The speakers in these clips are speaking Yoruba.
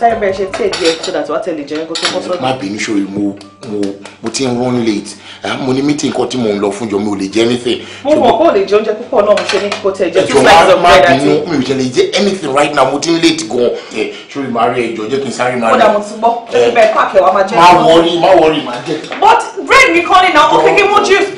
sáré bẹ̀rẹ̀ ṣe tí èdè ẹ̀ so that wàá tẹ̀lé jẹun kó tó bọ́ sọ́dọ̀. má bínú sórí mo mo mo ti ń run late mo ní meeting kan tí mò ń lọ fún jọ mi ò lè jẹ anything. mo mọ̀ kó o lè jẹ oúnjẹ púpọ̀ náà mo ṣe ní kó tẹ̀ jẹ two slices of bread àti. ẹjọ má bínú mi ò tẹ̀lé jẹ anything right now mo ti ń late gan ẹ sórí màá rí ẹjọ jẹ kí n sáré máa rí. kódà mo ti gbọ́ ṣe bẹ́ẹ̀ pàkẹ́ wa máa jẹ́. má wọrí má wọrí má jẹ́. but bread mi kọ́ ni na ó fi juice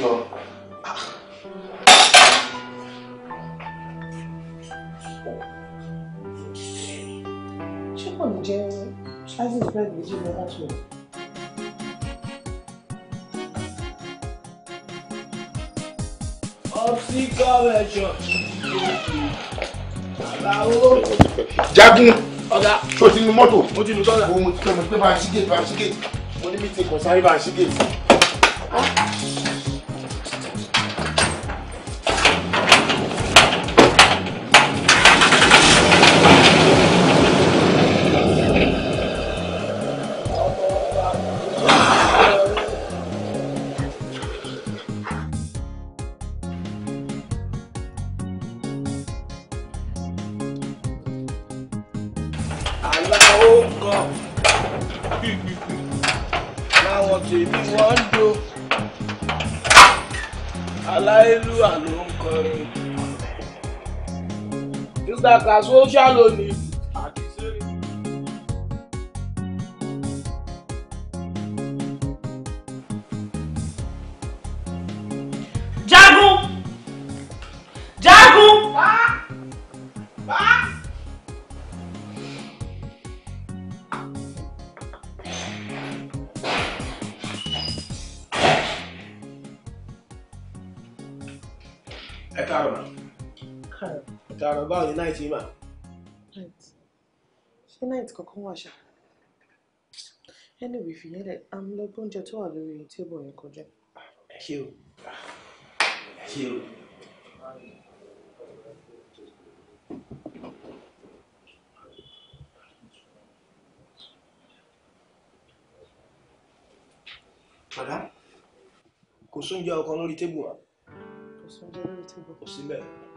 jagun ṣó ti nu mọ́tò mo ti nu sọ́dà mo ti pé bá a ṣí gèètì bá a ṣí mo ní mítìn kan sáré bá a ṣí aláwọ kan láwọn tèmi wọ́n do aláìlú àlọ́ ń kọrin. Mr. Kaso àwọn báwo ni night yìí mà. ṣé night kankan wà ṣá anyway fìyẹn lẹ à ń lọ gbóúnjẹ tó wà lórí tébù yẹn kọjá. ẹ ṣé o ẹ ṣé o. Màdá, kò sóúnjẹ ọkàn lórí tébù wa. Kò lórí tébù. Kò sí bẹ́ẹ̀.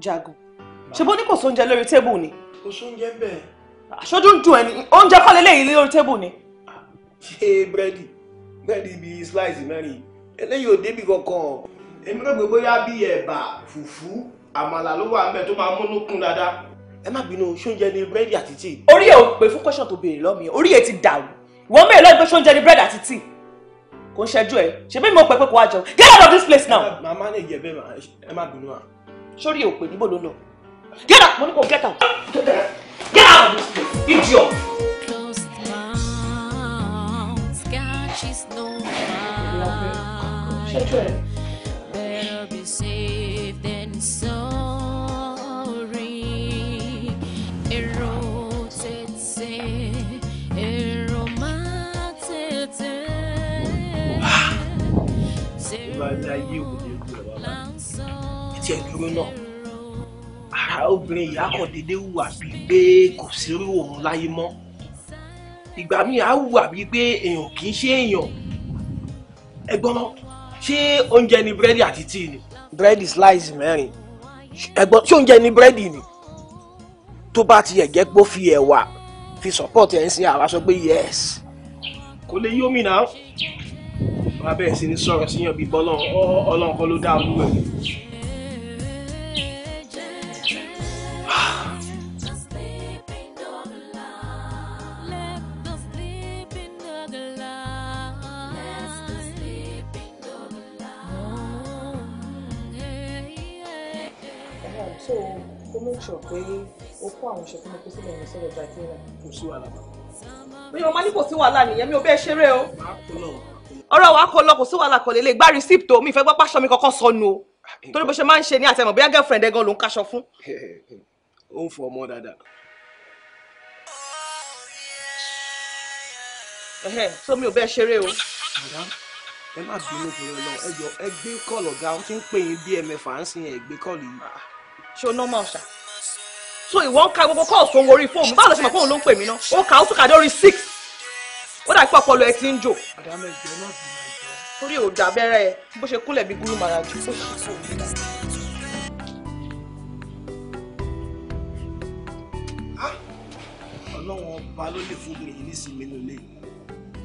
Jago, ṣe bó ní kò sóúnjẹ lórí tébù ni. kò sóúnjẹ bẹ́ẹ̀. aṣojú ń dùn ẹni oúnjẹ kọ́ lélẹ́yìí lórí tébù ni. Ah, ṣé búrẹ́dì búrẹ́dì bíi slice mẹ́rin eléyìí ò débi kankan. èmi náà gbé bóyá bíi ẹ̀bà fùfú àmàlà ló wà ń bẹ̀ tó máa múnú kún dáadáa. ẹ má bínú sóúnjẹ ni búrẹ́dì àti tíì. orí ẹ̀ ò pè fún question tó béèrè lọ́mìí orí ẹ̀ ti dàrú kò ń ṣẹ́jú ẹ̀ ṣe bí mo pẹ́ pé kò wá jẹun get out of this place now. màmá ní ìyẹ̀bẹ̀ ẹ má bínú à. sórí òpè níbo ló lọ get out mo ní kò get out get out of this place idiot. ṣẹ́jú ẹ̀. tiẹ̀ dúró náà ara obìnrin yìí akọ̀ déédéé hùwà bíi pé kò sí irú òun láyé mọ́ ìgbà míì á hùwà bíi pé èèyàn kì í ṣe èèyàn ẹ̀gbọ́n ṣé oúnjẹ ni búrẹ́dì àti tíì ni. búrẹ́dì slice mẹ́rin ẹ̀gbọ́n ṣé oúnjẹ ni búrẹ́dì ni tó bá ti ẹ̀jẹ̀ pé ó fi ẹ̀wà fi support ẹ̀ ń sin àwa sọ pé yes kò lè yómi náà wọn abẹ́ẹ̀ sí ní sọ̀rọ̀ síyàn bíi bọ́lọ́ ọlọ́nkọ́ ló dá olúwẹ̀. sure pé ó kó àwọn iṣẹ́ tó mọ̀ pé sílẹ̀ ní sọ̀rọ̀ Nàìjíríà. kò sí wàhálà. mi ò máa ní kò sí wàhálà nìyẹn mi ò bẹ́ẹ̀ ṣeré o. ọ̀rọ̀ wa kọ lọ kò sí wàhálà kọ lélẹ̀ gbá receipt o mi ìfẹ́ gbọ́ pàṣọ mi kankan sọnù o ah, torí bó ṣe máa ń ṣe ní àtẹ̀mọ̀ bóyá girlfriend gan ló ń kaṣọ fún. ó ń fọ ọmọ dáadáa. so mi ò bẹ́ẹ̀ ṣeré o ẹ má bínú ìpínlẹ̀ lọ ẹ jọ ẹ gbé kọ́ọ̀lù ọ̀gá so ìwọ ń ka gbogbo kọ́ọ̀sì òun orí fóònù báwo ló ṣe mọ̀ fóònù ló ń pè mí ná ó kà ó tún kà dórí six ó dà pé ọpọlọ ẹ ti ń jò. torí ò dà bẹ́rẹ̀ ẹ bó ṣe kúnlẹ̀ bí gúrú màrà jù. Ah! ọlọ́wọ́n ọba ló lè fún mi yìí nísìnyí nínú ilé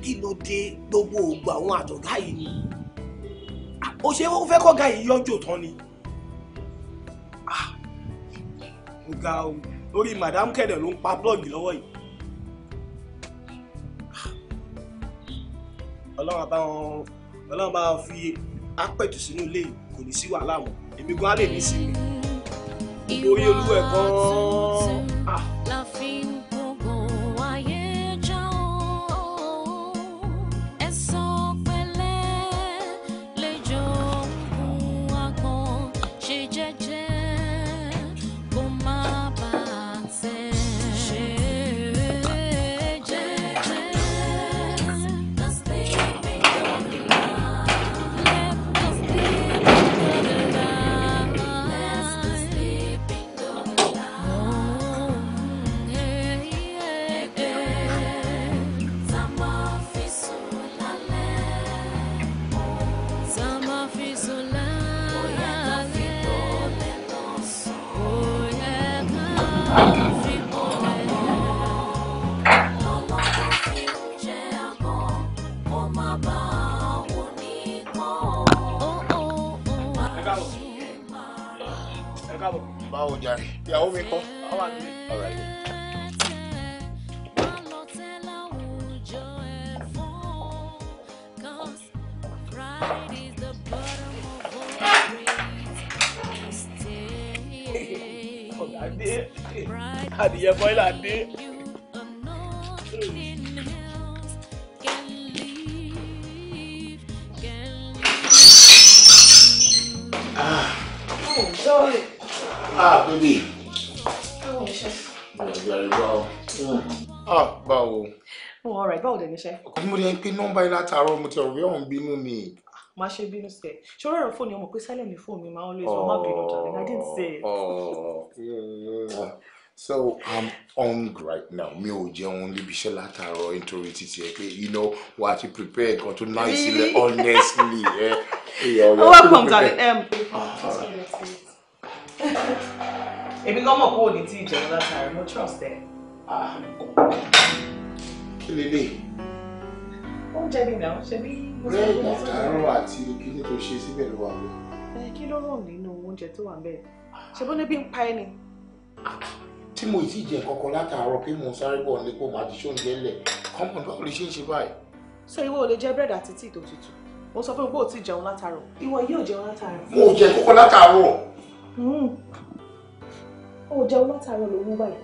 kí ló dé gbogbo ògbà àwọn àtọ̀gá yìí ni ah! ó ṣe é wọ́n fẹ́ kọ́ ga yìí yọjú mo ga o lórí madam kẹ̀dẹ̀ ló ń pa plọ́ọ̀gì lọ́wọ́ yìí. ọlọ́run bá wọn ọlọ́run bá wọn fi apẹ̀tù sínú ilé yìí kò ní sí wàhálà mọ́ èmi gan á ní sinmi. lórí olú gan-an. Ah. níṣẹ́. ọkọ mi rí i pé nọ́mbà yìí látàárọ̀ mo ti rò pé òun bínú ni. má ṣe bínú sí ẹ ṣòro ọ̀rọ̀ fóònù ọmọ pé sálẹ̀ ní fóònù mi máa ń lè sọ má oh. bínú tàbí i didn't say it. so i'm hungry right now mi ò jẹun níbi iṣẹ́ látàárọ̀ nítorí títí ẹ pé you know wà á ti prepare nǹkan tó náà sílẹ̀ honestly. welcome darling. Um, èmi gan mọ̀ pé òní tí ìjẹun látàárọ̀ mo trust ẹ. Ah. Lele ń jẹ mi náà ṣebí. búrẹ́dì àti kíní tó ṣe síbẹ̀ ló wà wọ. kí ló rò nínú oúnjẹ tó wà ń ṣe bó ní ń pa ẹni. tí mo ì tí jẹ kankan látàárọ̀ pé mo ń sáré bọ̀ nípò màá ti ṣóúnjẹ lẹ̀ kọ́ńpọ̀n báwo lè ṣe é ṣe báyìí. ṣé ìwọ ò lè jẹ búrẹ́dì àti tíì tó tutù mo sọ fún pé o ti jẹun látàárọ̀ ìwọ yóò jẹun látàárọ̀. mo jẹ kókó látàárọ̀. Hmm. o jẹun látàárọ̀ ló báyìí.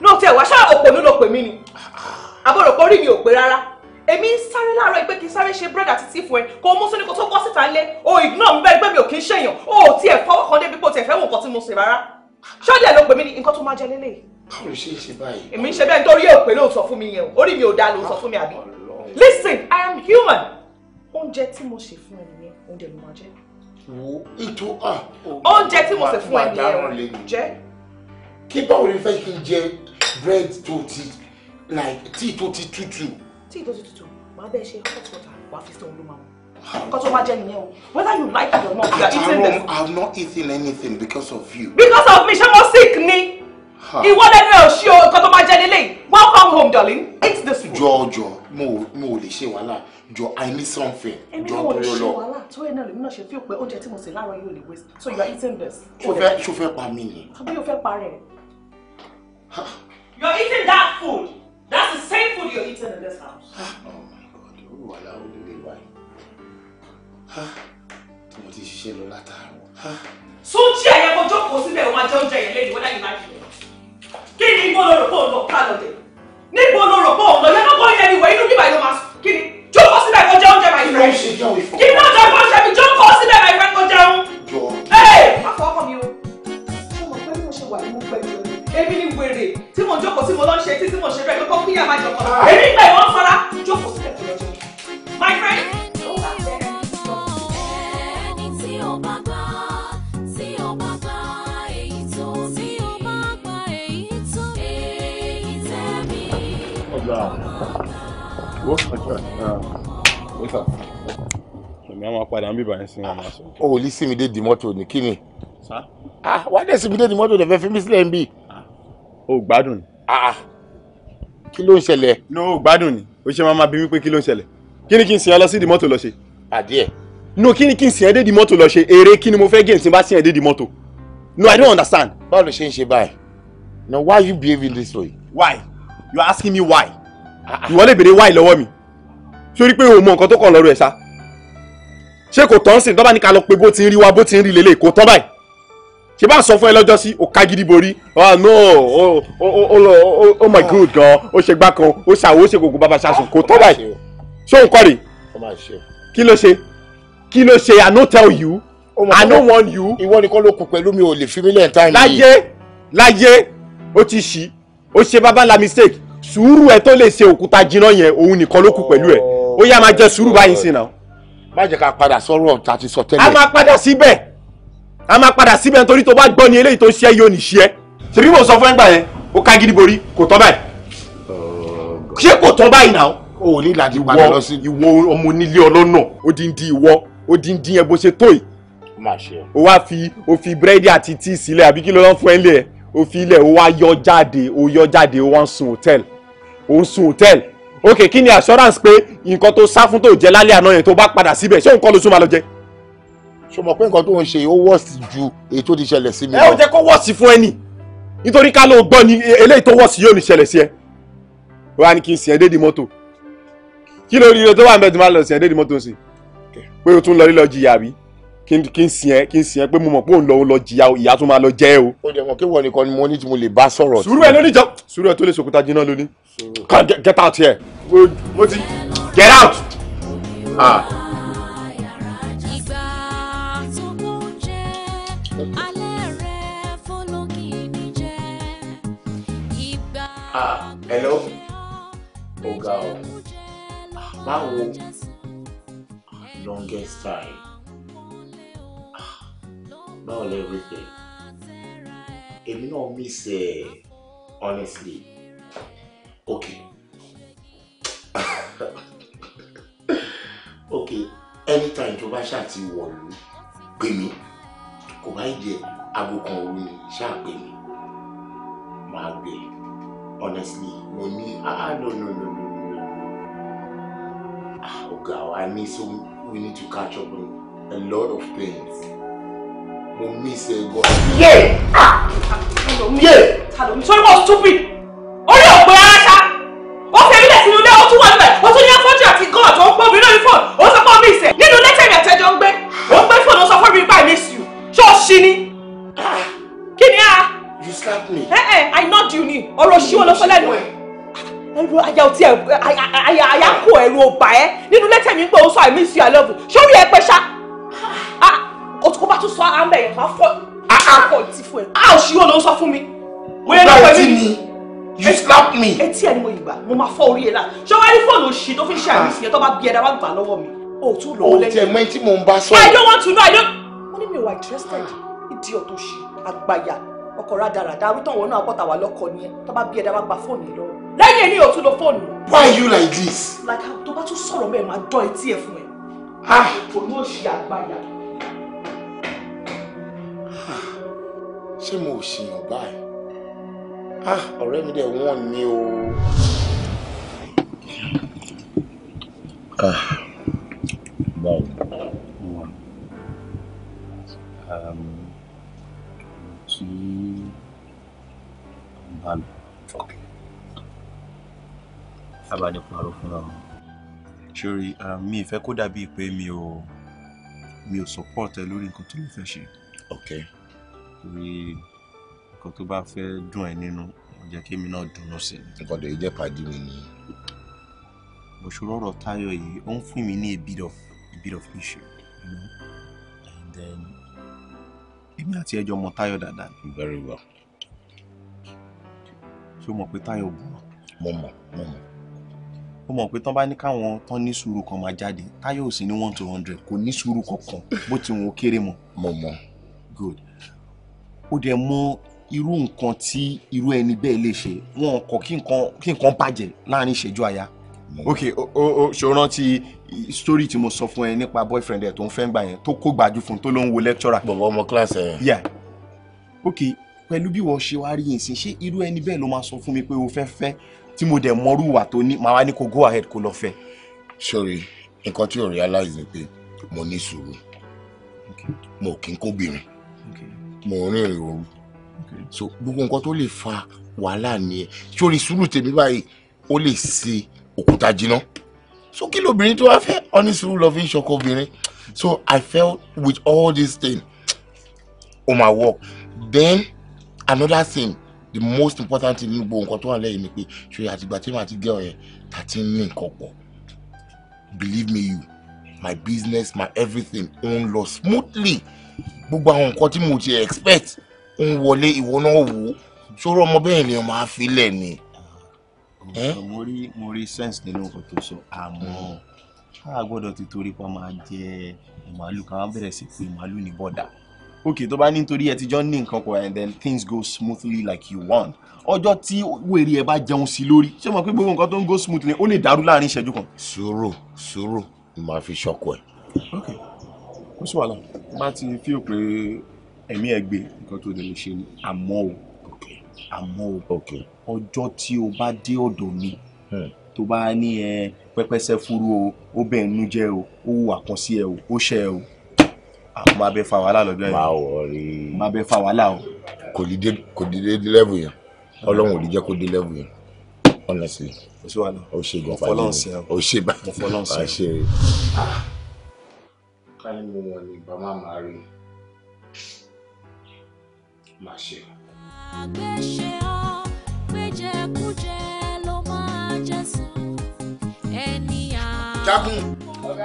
náà tẹ wá ṣáà òpònú ló pè mí ni àbọ̀rọ̀pọ̀ rí mi ò rárá èmi ń sáré láàárọ̀ pé kí n sáré ṣe búrẹ́dì àti tíì fún ẹ kó o mú sóní kó tó bọ́ síta lé o ignore mi bẹ́ẹ̀ pé mi ò kí ń ṣèyàn o ò tiẹ̀ fọwọ́ kan débi pé o tiẹ̀ fẹ́ wò nǹkan tí mo ṣe rárá ṣọ́ọ̀dẹ̀ ló pè mí ní nǹkan tó máa jẹ lélẹ̀. báwo ló ṣe é ṣe báyìí. èmi ń ṣe bẹ́ẹ̀ nítorí èpè ló sọ fún mi yẹn o orí mi ò dáa ló sọ fún mi àbí. listen i am human. oúnjẹ tí mo ṣe fún ẹ nìyẹn oúnjẹ ló máa jẹ. wo ètò à. oúnjẹ tí mo ṣe fún ẹ nìyẹn jẹ. kí báwo bread tó like tea tó ti tí ìtọ́jú tútù wàá bẹ́ẹ̀ ṣe hot water wàá fi sí òun ló máa mu Because of Ajay Niyeo. Whether you like it or not, you are eating this. I've not eaten anything because of you. Because of me, she mo sick ni. Ìwọ lẹ́nu ẹ̀ ṣí o, nǹkan to máa jẹ nílé. Welcome home, darling. Eat this food. Jọ mo mo ò lè ṣe wàhálà. I need something. Èmi náà ò lè ṣe wàhálà. Torí ẹ̀ náà lèmi náà ṣe fi òpin oúnjẹ tí mo sè láàárọ̀ yóò lè waste. So you are eating this. Ṣo fẹ́ pa mí ni? Àbí o fẹ́ pa rẹ̀? You are eating that food. That's the same food you're eating in this house. Ah, oh my God, irú wàhálà wo lè wá yìí? Ah, tí mo ti ṣiṣẹ́ lọ látàárọ̀. Ah. Súnjí ẹ̀yẹ kò jókòó síbẹ̀ ó máa jẹ oúnjẹ yẹn lẹ́yìn wọ́n láyé máa jẹ. Kí ni ibo lóru kó lọ ká lọ dé? Níbo lóru driver ẹ̀ sí ọmọ sọ. o ò lè sinmi dé di mọ́tò ní kíni. wàá dẹ̀ sinmi dé di mọ́tò lẹ́fẹ̀ẹ́ fún mi sílẹ̀ ń bì. o gbádùn ni. kí ló ń ṣẹlẹ̀. no o gbádùn ni o ṣe máa ma bí mi pé kí ló ń ṣẹlẹ̀ kí ni kí n sìn ẹ lọ sí di mọ́tò lọ ṣe. adìẹ. no kí ni kí n sìn ẹ dé di mọ́tò lọ ṣe eré kí ni mo fẹ́ gé nsìn bá sìn ẹ dé di mọ́tò no i don't understand. báwo ló ṣe ń ṣe báyìí now why you behaving this way. why you are asking me why. ìwọ lè béèrè why lọ́wọ́ mi sórí pé o mọ nǹkan tó kàn lọ́rọ̀ ẹ̀ sá ṣé kò tán sí tọ́ba ní ká lọ pé bó ti ń rí wa bó ti ń rí lélẹ̀ kò tán báyìí ṣe bá sọ fún ẹ lọ́jọ́ sí òka gidi borí ah no oh, oh, oh, oh my god gan ó ṣe gbá kan ó ṣàwó ó ṣe gbogbo bàbá ṣaṣọ kò tán báyìí ṣé òun kọ́ rè kí ló ṣe kí ló ṣe i no tell you i no warn you. ìwọ nìkan ló kù pẹ̀lú mi ò lè fi mí lẹ́ẹ̀ tá nìyí. láyé láyé ó ti ṣí ó ṣe bàbá la mistake sùúrù ẹ tó lè ṣe òkúta jiná yẹn òun nìkan ló kù pẹ̀lú ẹ oh. ó yá máa jẹ sùúrù báyìí sí náà má jẹ́ ká padà sọ́rọ̀ ọ̀tá ti sọ tẹ́lẹ̀. a máa padà síbẹ̀ a máa padà síbẹ̀ nítorí tó bá gbọ́ ni eléyìí tó ń ṣe yóò ní ṣe é. ṣèbí mo sọ fún ẹgbà yẹn ó ká gidi borí kò tọ́ báyìí. ṣé kò tọ́ báyìí náà. o ò ní ìlàjì padà lọ sí. ìwọ ọmọ onílé ọlọ́nà odindi ìwọ odindi ẹ bó ṣe tó yìí. o wá fi o fi búrẹ́dì àti tíì sílẹ̀ àbí kí ló lọ́ fún ẹ o fi o wá o yọ o wá ń o ń sun ok kí ni assurance pé nǹkan tó sá fún tó jẹ lálẹ́ àná yẹn tó bá padà síbẹ̀ ṣé nǹkan ló sún máa lọ jẹ. ṣo mọ̀ pé nǹkan tó ń ṣe ó wọ́ọ̀sì ju èyí tó ti ṣẹlẹ̀ sí mi lọ. ẹ ò jẹ́ kó wọ́ọ̀sì fún ẹ nì nítorí ká ló gbọ́ ni e, eléyìí tó wọ́ọ̀sì yóò ní ṣẹlẹ̀ sí ẹ. wá ní kí n sìn ẹ́ dédi mọ́tò kí lóríire tó wà ń bẹ́ẹ̀ tó máa lọ sìn ẹ́ dédi mọ́tò sí pé o tún lọ lílọ jìyà àbí kí n kí n sìn ẹ kí n sìn ẹ pé mo mọ̀ pé òun lọ lọ jìyà ìyá tó máa lọ jẹ́ o. ó jẹ́ mọ̀ kí wọ́n nìkan ni mo ní tí mo lè bá sọ̀rọ̀. sùúrù ẹ lónìí sùúrù ẹ tó lè sòkúta jiná lónìí. kan get out here. mo ti get out. Ah. ah. ah hello ọ̀gá o ah, báwo longest time not everything èmi náà miss ẹ honestly okay okay anytime tó bá ṣàti wọ̀lú pè mí kò bá jẹ aago kan òru ni ṣáà pè mí máa gbé honestly mo ní ah no no no no no. ah ọ̀gá I ní so we need to catch up on a lot of things mo miss ẹ gan. yé yé sori ko stupid orí òpè aráṣá ó fi ẹbílẹ̀ sínú ilé ó tún wà níbẹ̀ ó tún ní afọ́jú àti god ó ń pọ́n mi lórí fóònù ó sọ pé ó miss ẹ nínú lẹ́tẹ̀ mi àtẹ́jọ́ ń gbé ó ń gbé fóònù ó sọ fún mi pa miss you ṣọ́ọ̀ṣì ni kí ni a. you slap me. ẹ eh, ẹ eh, i nod you ni ọ̀rọ̀ ṣíwọ́ ló fẹ́ lẹ́nu ẹrù ajá ọtí ẹ àyà àyà kò ẹrù ọba ẹ nínú lẹ́tẹ̀ mi ń pé ó sọ àìmísí àlọ́bù sórí ẹ pẹ́ ṣá kó bá tún sọ ara ń bẹ̀ fọ́ àpọ̀ ti fún ẹ. a ò ṣí ló ń sọ fún mi. mo yẹ lọ́pọ̀ mi you slap me. etí ẹ ni mo yìí mo máa fọ́ orí ẹ la ṣé wàá rí fóònù òṣì tó fi ń ṣe àmìsí ah. tó bá bí ẹ dá gbà lọ́wọ́ mi. o tún lọ lẹ́yìn. o tẹ mẹ́ tí mò ń bá sọ. I don't want to know I don't. ó ní mi ò wà interested ìdí ọ̀tọ̀ ṣì àgbàyà ọkọ̀ rádaràda ah òun ò ṣe àgbàyà. ṣé mo ò ṣèyàn báyìí ah ọ̀rẹ́ mi dẹ̀ wọ́n ni o. ah báwo wọn kí n bá lọ abàdé parọ́ fúnra wọn. sori mi ìfẹ́ kó dàbíi pé mi ò mi ò support ẹ lórí nǹkan tó lè fẹ́ ṣe. okay torí nǹkan tó bá fẹ́ dùn ẹ́ nínú jẹ́ kí èmi náà dùnú sí i. nǹkan tó yẹ jẹ́ pàdé mi nìyí. bòṣòro ọ̀rọ̀ Táyọ̀ yìí ó ń fún mi ní a bit of a bit of issue you know? and then èmi àti ẹjọ́ mọ Táyọ̀ dáadáa. very well. ṣé o mọ̀ pé Táyọ̀ bù wọn. mo mọ̀ mo mọ̀ ó mọ̀ pé tán bá ní káwọn tán ní sùúrù kan máa jáde táyọ̀ ò sí ní one to hundred kò ní sùúrù kankan bó ti wọn ó kéré mọ́. mo mọ̀. good ó dẹ̀ mọ irú nǹkan tí irú ẹni bẹ́ẹ̀ lè ṣe wọn kọ kí nǹkan kí bàjẹ́ láàrin ìṣẹ́jú àyà. Mm. ok o o ṣòro rántí story tí mo sọ fún ẹ nípa boyfriend ẹ tó ń fẹ́ gbà yẹn tó kó gbàjú fún tó ló ń wo lecturer. bọ̀bọ̀ ọmọ class ẹ̀. yeah ok pẹ̀lú bí wọ́n ṣe wá rí yìí sí ṣé irú ẹni bẹ́ẹ̀ ló máa sọ fún mi pé o fẹ́ fẹ́ tí mo dẹ̀ mọ́rú wà tó ní màá wá ní kó go ahead kó lọ fẹ́. sorry nǹkan tí o realize ni pé mo ní sùúrù mo kì í kóbìnrin mò ń rìnrìn so gbogbo nǹkan tó lè fa wàhálà nìyẹn sórí sùúrù tèmi báyìí ó lè ṣe òkúta jiná so kí lóbìnrin tó wá fẹ́ ọ́ní sùúrù lọ fi ń ṣọkọ obìnrin so i felt with all these things on my work then another thing the most important thing nínú gbogbo nǹkan tó wà lẹ́yìn ni pé ṣe àtìgbà tí màá ti gẹ́ ọ̀yẹn tàti ní nǹkan pọ̀ believe me you my business my everything ó ń lọ smoothly gbogbo àwọn nǹkan tí mo ti expect ń wọlé ìwọ náà wò ó sọ̀rọ̀ ọmọ bẹ́ẹ̀ ni ọmọ àfilẹ̀ ni. mo rí mo rí sense nínú nǹkan tó sọ àmọ́ a gbọ́dọ̀ ti torí pa máa jẹ màálù ká bẹ̀rẹ̀ sí pé màálù ní bọ́dà okay tó bá ní nítorí ẹ ti jọ ní nǹkan pọ̀ and then things go smoothly like you want ọjọ́ tí wèrè ẹ bá jẹun sí lórí ṣé mo pé gbogbo nǹkan tó ń go smoothly ó lè dàrú láàrin ìṣẹ́jú kan. sùúrù sùúrù màá fi ṣọkọ ẹ. okay kó sì wà lọ bá ti fi hàn pé ẹ̀mí ẹ̀ gbé nǹkan tó lè ṣe ni àmọ́ o àmọ́ o ọjọ́ tí o bá dé ọ̀dọ̀ mi hmm. tó bá ní ẹ pẹpẹsẹ furu o ó bẹ̀ ń jẹ o ó wù àkànṣe ẹ o ó ṣe ẹ o àwọn máa bẹ fa wàhálà lọ́jọ́ yẹn máa wọ̀ rí i máa bẹ fa wàhálà o. kò ní dé kò yẹn ọlọ́run ò ní jẹ́ kó dé level yẹn honestly o ṣe gan fàájì o ṣe bá o ṣe káyé mú wọn ní bá máa rí má ṣe. àgbẹ̀ṣe ọ́ péjẹkújẹ ló máa jẹ́ sùn ẹni à. jákun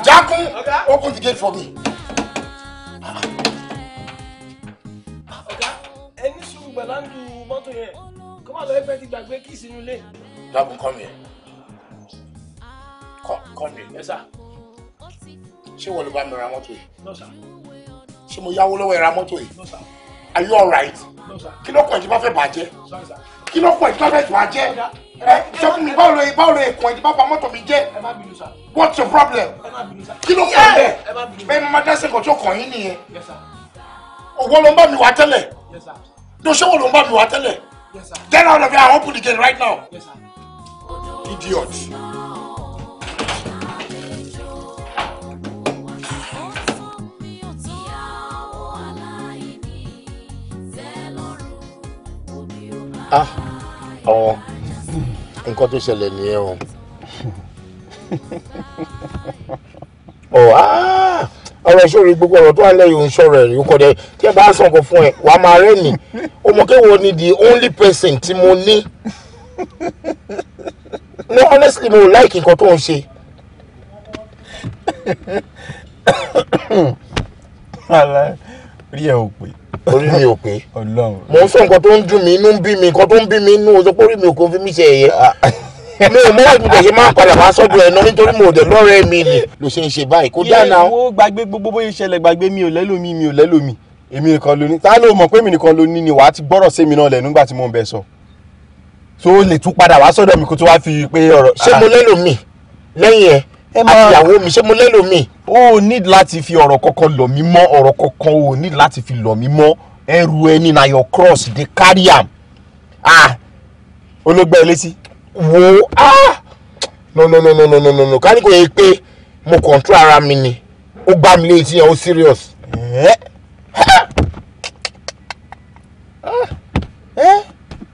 jákun open the gate for me. ọ̀gá ẹni sùúrù gbàláńdù mọ́tò yẹn kó má lọ ẹgbẹ́ ti gbàgbé kí sínú ilé. jákun come here come come here. Yes, sir ṣé wọ́n ló bá mi ra mọ́tò yìí. no sir. ṣé mo yáwó lọ́wọ́ ẹ ra mọ́tò yìí. no sir. are you alright. no sir. kí ló pọ̀ ìdí bá fẹ́ bàjẹ́. sorry sir. kí ló pọ̀ ìdí bá fẹ́ bàjẹ́. ẹ sọ fún mi báwo lè báwo lè kàn ìdí bá ba mọ́tò mi jẹ́. ẹ má what's your problem. ẹ má bínú sir. kí ló kàn bẹ́ẹ̀. ẹ má bínú sir. bẹ́ẹ̀ ni mo dẹ́sẹ̀ kò tó kàn yín nìyẹn. yes sir. òwò ló ń bá mi wá tẹ́lẹ̀. yes sir. dosowó ló ń bá mi wá tẹ́lẹ̀. yes sir. get out of here and open the gate right now. yes sir. idiot. ah ọ̀wọ́n nǹkan tó ṣẹlẹ̀ nìyẹn o ọ̀ oh, ah ọ̀rọ̀ sórí gbogbo ọ̀rọ̀ tó wà lẹ́yìn òun sọ̀rọ̀ ẹ̀rí kọ́ dẹ tí ẹ bá sàn kó fún ẹ wà á máa rẹ́ni ọmọkéwò ni the only person tí mo ní no honestly mo like nǹkan tó ń ṣe. rí ẹ ò pé orí mi ò pé mo ń sọ nǹkan tó ń dùn mí inú ń bí mi nǹkan tó ń bí mi inú oṣù pórí mi ò kò fi mí ṣe ẹ̀yẹ ah. mi ò mọ̀wé ìpínlẹ̀ ṣe máa ń padà wá sọ́dọ̀ ẹ̀ náà nítorí mo dẹ̀ lọ́rẹ́ mi ni ló ṣe ń ṣe báyìí kó dáná. mo gbàgbé gbogbo bóyá ìṣẹ̀lẹ̀ gbàgbé mi ò lẹ́lòmí mi ò lẹ́lòmí èmi nìkan ló ní táà ló mọ̀ pé èmi nìkan ló ní ni wàá ti gbọ́rọ̀ sí mi náà lẹ̀ nígbà tí mo ń bẹ sọ so lè tún padà wá sọ́dọ̀ mi kó tó wá fi pé ọ̀rọ̀. ṣé ah. mo lẹ́lòmí lẹ́yìn ẹ̀ àtìyàwó mi ṣé mo lẹ́lò mi. o ní láti fi ọ̀rọ̀ kankan lọ̀ mí mọ́ ọ̀rọ̀ kankan o ní láti fi lọ̀ mí mọ́ ẹrù ẹni na your cross dey carry am ah olóògbé elétí wo ah no no no no no no no kárí kò yẹ pé mo control ara mi ni ó gbá mi létí yẹn ó serious.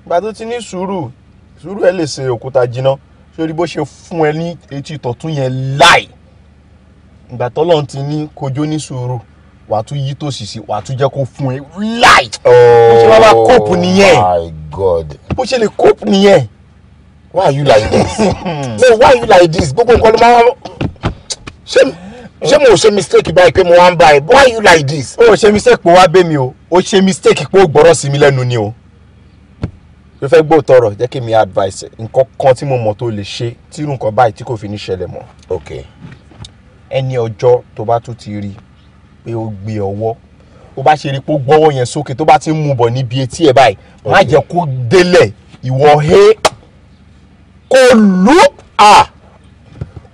gbàdúrà ti ní sùúrù sùúrù ẹ lè ṣe òkúta jiná sórí bó ṣe fún ẹ ní etí ìtọ̀tún yẹn láì ìgbà tọ́lọ́run ti ní kojó ní sùúrù wà á tún yí tòsì sí wà á tún jẹ́ kó fún ẹ láì bó ṣe máa kóòpù nìyẹn oh bó ṣe lè kóòpù nìyẹn. why are you like this no why are you like this gbogbo nǹkan ló máa wá ṣé ṣé mo ṣe mistake báyìí pé mo wá ń báyìí why are you like this. o ṣe mistake pé wá bẹ́ mi o o ṣe mistake pé o gbọ́rọ̀ sí mi lẹ́nu ni o ló fẹ́ gbọ́ tọrọ jẹ́ kí mi advice nǹkan kan tí mo mọ̀ tó lè ṣe tí irú nǹkan báyìí tí kò fi ní ṣẹlẹ̀ mọ́. ok ẹni ọjọ́ tó bá tún ti rí pé ó gbé ọwọ́ ó bá ṣe rí pé ó gbọ́wọ́ yẹn sókè tó bá ti ń mú bọ̀ níbi etí ẹ̀ báyìí má jẹ́ kó délẹ̀ ìwọ he kó lù à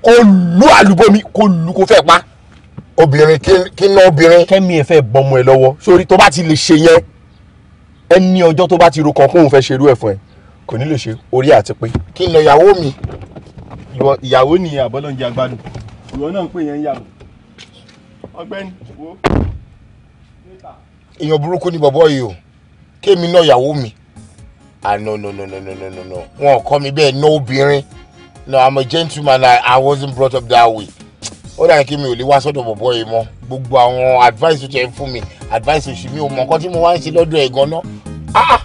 kó lù àlùbọ́mi kó lù kó fẹ́ pa. obìnrin kí ná obìnrin. kẹ́mi ẹ̀ fẹ́ bọ́mọ ẹ lọ́wọ́ sórí tó bá ti lè ṣe yẹn ẹni ọjọ́ tó bá ti ro kan kóun fẹ́ ṣerú ẹ̀ fún ẹ kò ní lè ṣe orí àti pé. kí n lọ ìyàwó mi. ìwọ ìyàwó ni àbọ́lọ́njẹ agbádùn ìwọ náà ń pè yẹn yàwó ọ̀gbẹ́ni wo. èèyàn burúkú ni bọ̀bọ́ yìí o kémi náà ìyàwó mi. ah no no no no no no no no wọn kọ́ mi bẹ́ẹ̀ ná obìnrin no i'm a gentleman i i wasn't brought up that way ó dàbí kí mi ò lè wá sọ́dọ̀ bọ̀bọ́ yìí mọ́ gbogbo àwọn advice tó tẹ̀ fún mi advice òṣì mi ò mọ̀ nǹkan tí mo wá ń ṣe lọ́dọ̀ ẹ̀ gan-an ah, ah.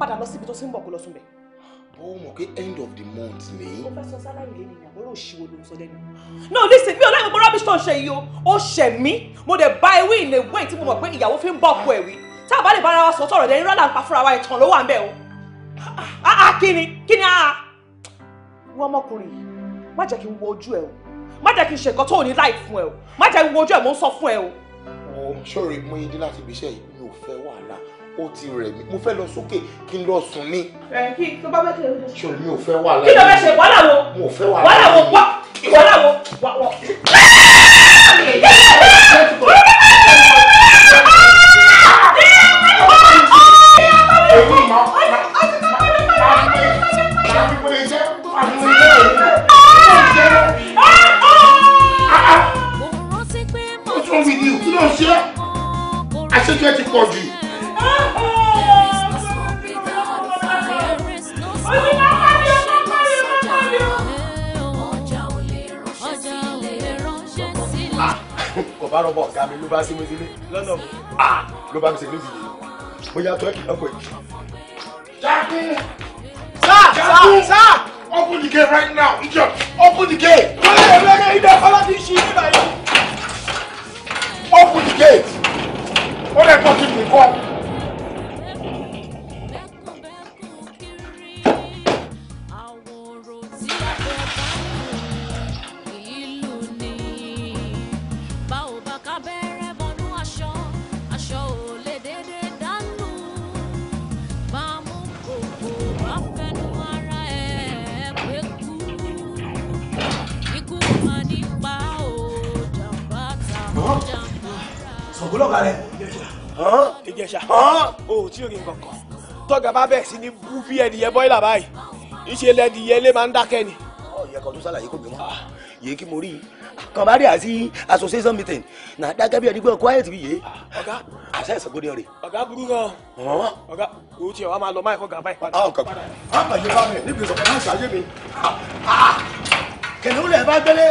padà lọ síbi tó ti ń bọ̀ kó lọ sùn bẹ̀. bó mọ̀ pé end of the month ni. ó fẹ́ sọ sálárì lé nìyà bọ́rọ̀ òṣìwò ló ń sọ lẹ́nu. no listen mi ò láì gbọ́ rubbish ṣe yìí o ó ṣẹ̀ mí mo dẹ̀ bá ewé ìnà ìwé tí mo mọ̀ pé ìyàwó fi ń bọ̀ ọkọ ẹ̀ wí tá a bá lè bára wa sọ tọrọ dẹni rọlà pa fúnra wa ìtàn ló wà ń bẹ o. a ah, ah, kí ni a. Ah? wọ́n ọmọkùnrin má jẹ́ kí n wo ojú ẹ o má jẹ́ kí n ṣe nǹkan tó ò ní láì fún ẹ o má jẹ́ kí n wo ojú ẹ mo ń sọ fún ẹ o. ọ̀hún ṣọ́ọ̀rì mú yín ó ti rẹ̀ mí mo fẹ́ lọ sókè kí n lọ sùn ni. ẹ kí tó bá bẹ́ẹ̀ kí ló dé. sori mi ò fẹ́ wàhálà. kí ló fẹ́ ṣe wàhálà wo. mo ò fẹ́ wàhálà wo. wàhálà wo 不要做这 fi ẹ̀dìyẹ bọ́ìlà báyìí ìṣe lẹ́dìyẹ ilé máa ń dákẹ́ ni. ọ̀yẹ́ kan tó ṣàlàyé kò mí mọ́ yìí kí mo rí i kàn bá rí àti association meeting na dákẹ́ bí ẹni gbọ́ quiet bí yé ọ̀gá àṣẹ ìṣàgbọ́dẹ rẹ̀. ọ̀gá burú gan. ọ̀gá òun tiẹ̀ wá máa lọ máìkọ́ gàmbá ìpadà. àwọn ah, kan bàbá yìí bá mi níbi ìsọ̀kan náà ṣàyè mi ah, kẹ̀lẹ́ olè bá gbélé.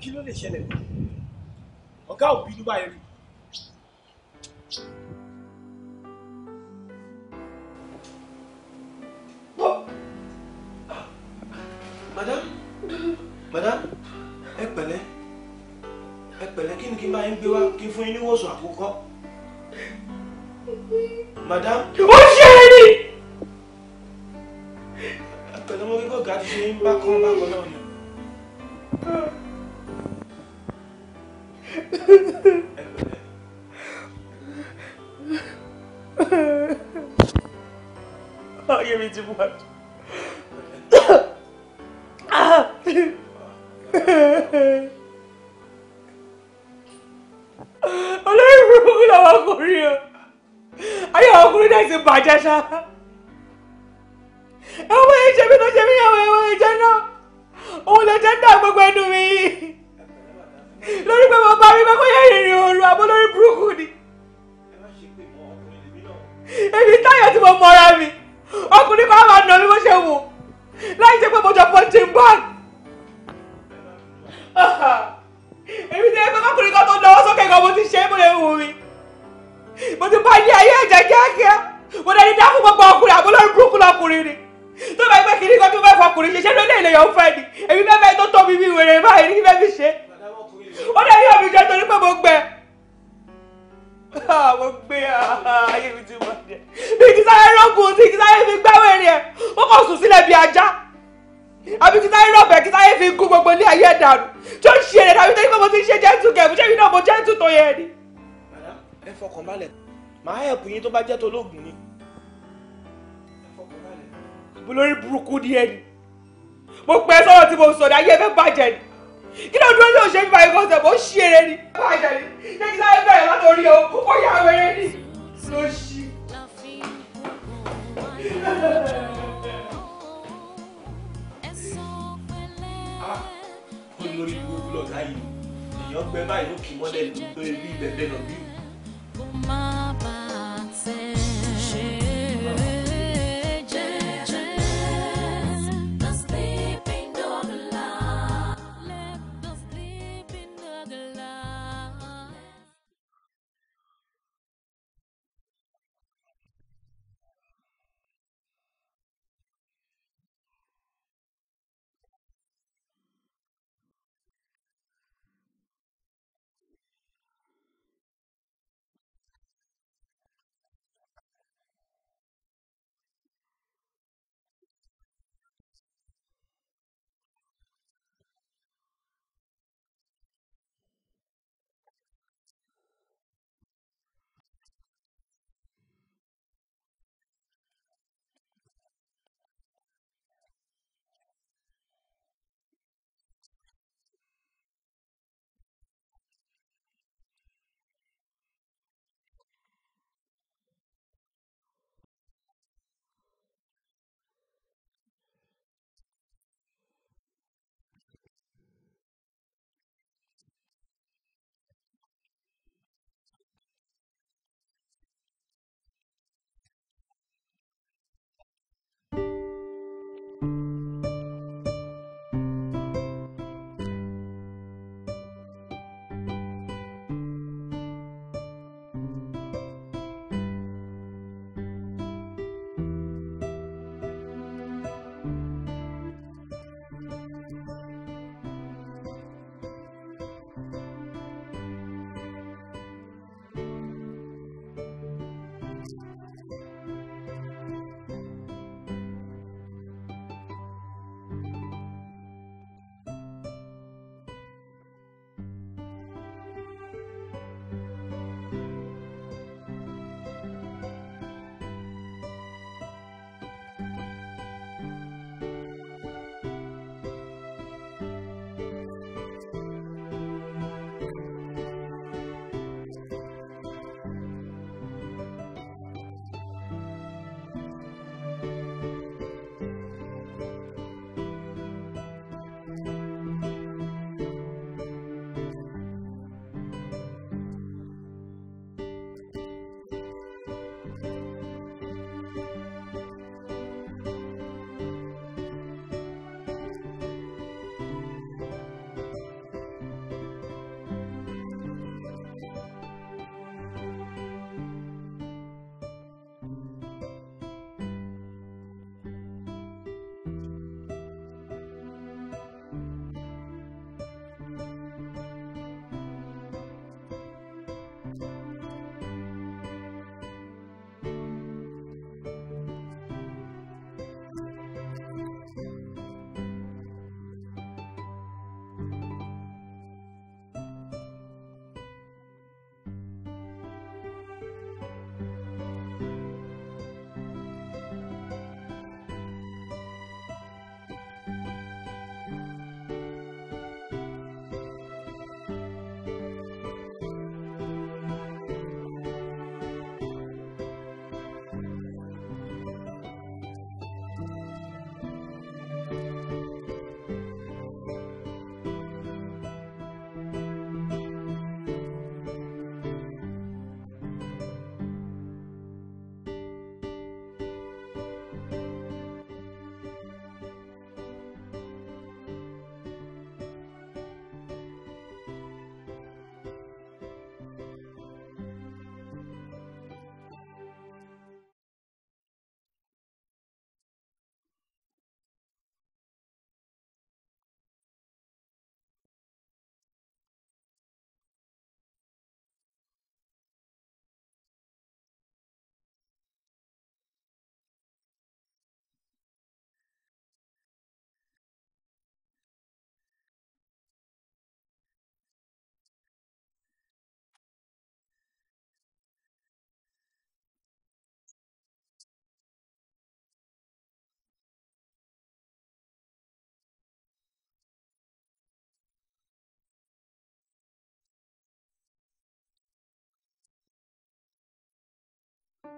kí ló lè ṣẹlẹ̀ lóde ọ̀gá òbí ló bá rí. madam madam ẹ pẹ̀lẹ́ ẹ pẹ̀lẹ́ kí ni kí n bá yín gbé wá kí n fún yín ní àkókò madam. ó ṣe é ní. ẹ pẹ̀lẹ́ mo rí kó gàdí ṣe ń bá kán bákan náà ni. ayé mi ti wájú. olórí burúkú làwọn ọkùnrin o ayé àwọn ọkùnrin náà ti bàjẹ́ ṣáá. bá jẹ́ tológun ni olórí burúkú díẹ̀ ni mo pẹ́ sọ́wọ́ tí mo sọ ní ayé fẹ́ bàjẹ́ ni kí ló dúró lóò ṣe ń báyìí kọ́sẹ̀ mo ṣí eré ni bàjẹ́ ni jẹ́ kí sáré bẹ̀rẹ̀ látòrí o ó yà wẹ̀rẹ̀ ni ló ṣí. olórí ah, burúkú lọ́ọ̀dá yìí èèyàn gbẹ báyìí ó kì í mọ́lẹ̀ lórí ibẹ̀ bẹ́ẹ̀ lọ bí.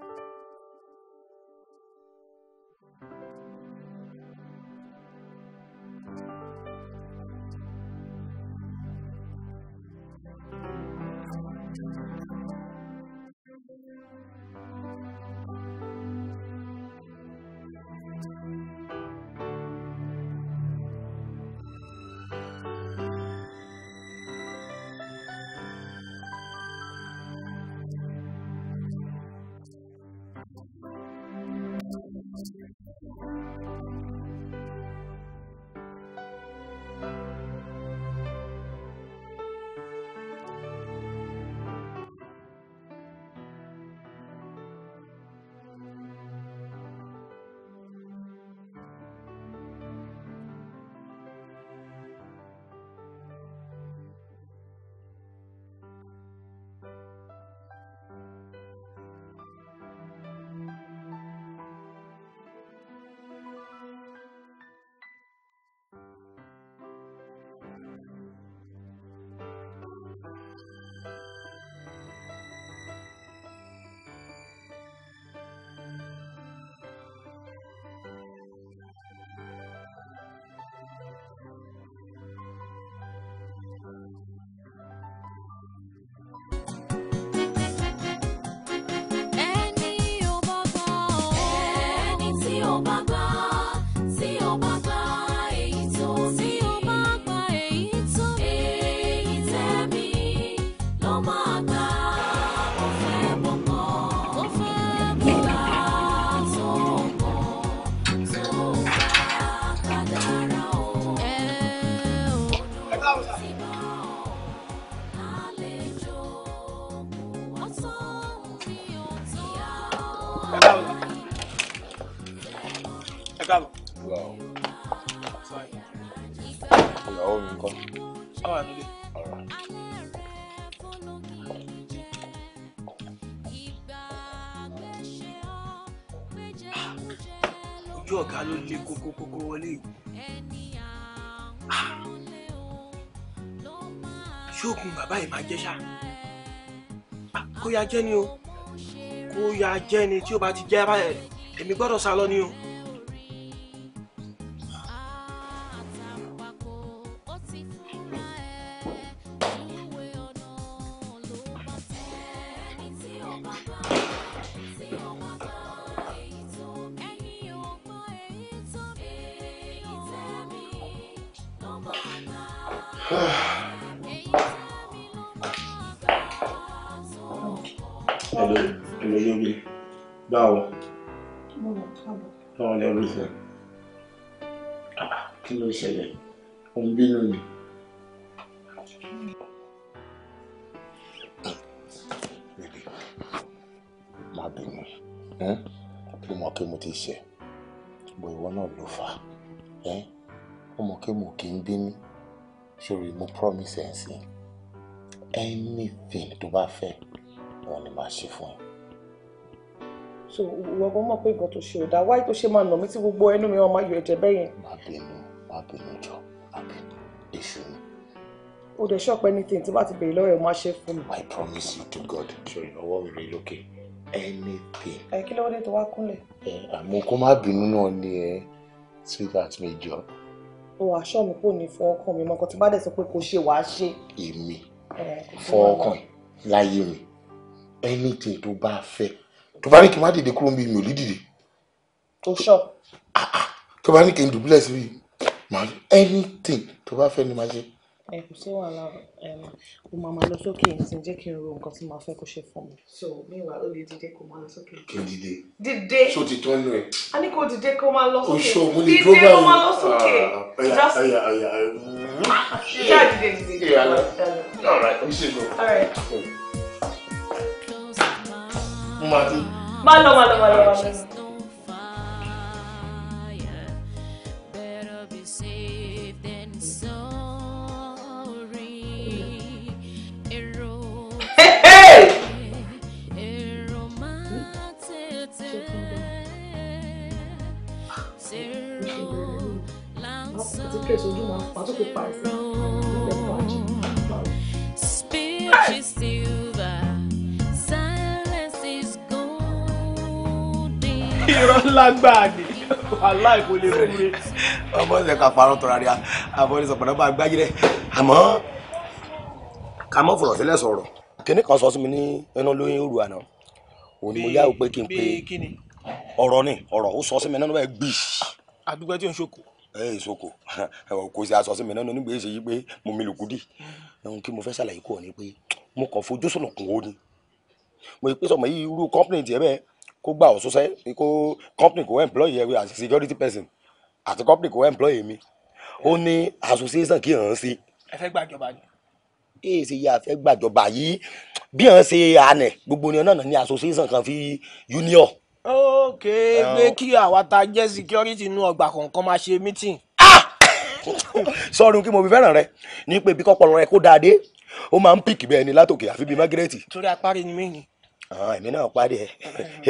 Thank you. bàbá yìí máa jẹ́ ṣá kó ya jẹ́ ni o kó ya jẹ́ ni tí ó bá ti jẹ́ báyẹn èmi gbọ́dọ̀ sá lọ ni o. ṣẹlẹ̀ ó ń bínú ni. má bínú ó mọ̀ pé mo ti ṣẹ̀ bó ìwọ náà ló fà á ó mọ̀ pé mo kì í bínú sórí mo promise ẹ̀ sí anything tó bá fẹ́ wọn ni màá ṣe fún ẹ so ìwọ gan mọ̀ pé nǹkan tó ṣe ò dáa wáyé tó ṣe máa nà mí tí gbogbo ẹnu mi wọn máa yọ ẹ̀jẹ̀ bẹ́yẹn. má bínú má bínú jọ má bínú èṣù o dẹ̀ ṣọ́ọ̀pẹ́ ní tí n bá ti bèrè lọ́wọ́ ẹ̀ máa ṣe fún mi. I promise you to God sorry ọwọ́ mi rí lókè anything. ẹ kí ló dé tó wá kúnlẹ̀. ẹ àmọ́ kó má bínú náà ni ẹ sweetheart mi jọ. o aṣọ mi kò ní fọ ọkàn mi mọ nǹkan tí bá dẹ̀ sọ pé kò ṣe wàá ṣe. èmi fọ ọkàn láyé mi anything tó bá fẹ́ tó bá ní kí n má dìde kúrò níbi mi ò ní dìde. o sọ. Ah, ah. tó bá ní kí n dùbúlẹ̀ síbi màá anything tó bá fẹ́ ni màá ṣe. ẹ kò sí wàhálà o máa máa lọ sókè ǹsìn jẹ́ kí n ro nǹkan tí màá fẹ́ kó ṣe fún mi. so meanwhile ó lè dìde kó máa lọ sókè. kí n dìde. dìde so ti tọ́ nù ẹ. a ní kó dìde kó máa lọ sókè. oṣù mo lè dúró báyìí dìde kó máa lọ sókè. ọya ọya ọya. ṣé àdìde dìde. ìyàrá ọ̀rẹ́ ìṣèlú. ọ̀rẹ́ máa lọ máa lọ máa lọ máa lọ. lágbàá ni wàhálà ìkò lè múre. ọmọ ṣe ká parọ́ tọ́ra rí àbọ̀ ní sọ̀pọ̀ náà bá gbájú rẹ̀ àmọ́ ká mọ́ fọ̀rọ̀ sílẹ̀ sọ̀rọ̀ kíní kan sọ sí mi ní ẹnu lóyún òru àná òun ni mo yá òpé kí n pe ọ̀rọ̀ ni ọ̀rọ̀ ó sọ sí mi nínú ẹ̀ gbì. àdúgbò tí ò ń ṣoko. ẹ ìṣoko kò sí aṣọ sí mi nínú nígbà èsì yìí pé mo mi lùkúdì ohun tí mo fẹ́ ṣàlàyé kò ní pé mo kàn fojú sọ̀nà kùn ó ni mo yí pé sọmọ yìí irú kọ́ńpìnì tiẹ̀ bẹ́ẹ̀ kó gbà ọ́ sọ́sẹ́ kó company kó employ ẹ as a security person àti company kó employ mi ó ní association kí hàn sí. ẹ fẹ́ gbàjọba ni. èyí ṣe yà fẹ́ gbàjọba yìí bí hàn ṣe ànẹ gbogbo ni ọ̀nà ní association kan fi union. ok ah. pé kí àwa ta jẹ́ security inú ọgbà kọ̀ọ̀kan máa ṣe meeting. Ah! sọ́run kí mo fi fẹ́ràn rẹ ní pé bí kọ́pọ̀lọ́ rẹ kó dáadé ó máa ń pìkì bẹ́ẹ̀ ni látòkè àfi bíi mágírẹ́tì. torí apárí ni mí ni. Ah, èmi náà parí ẹ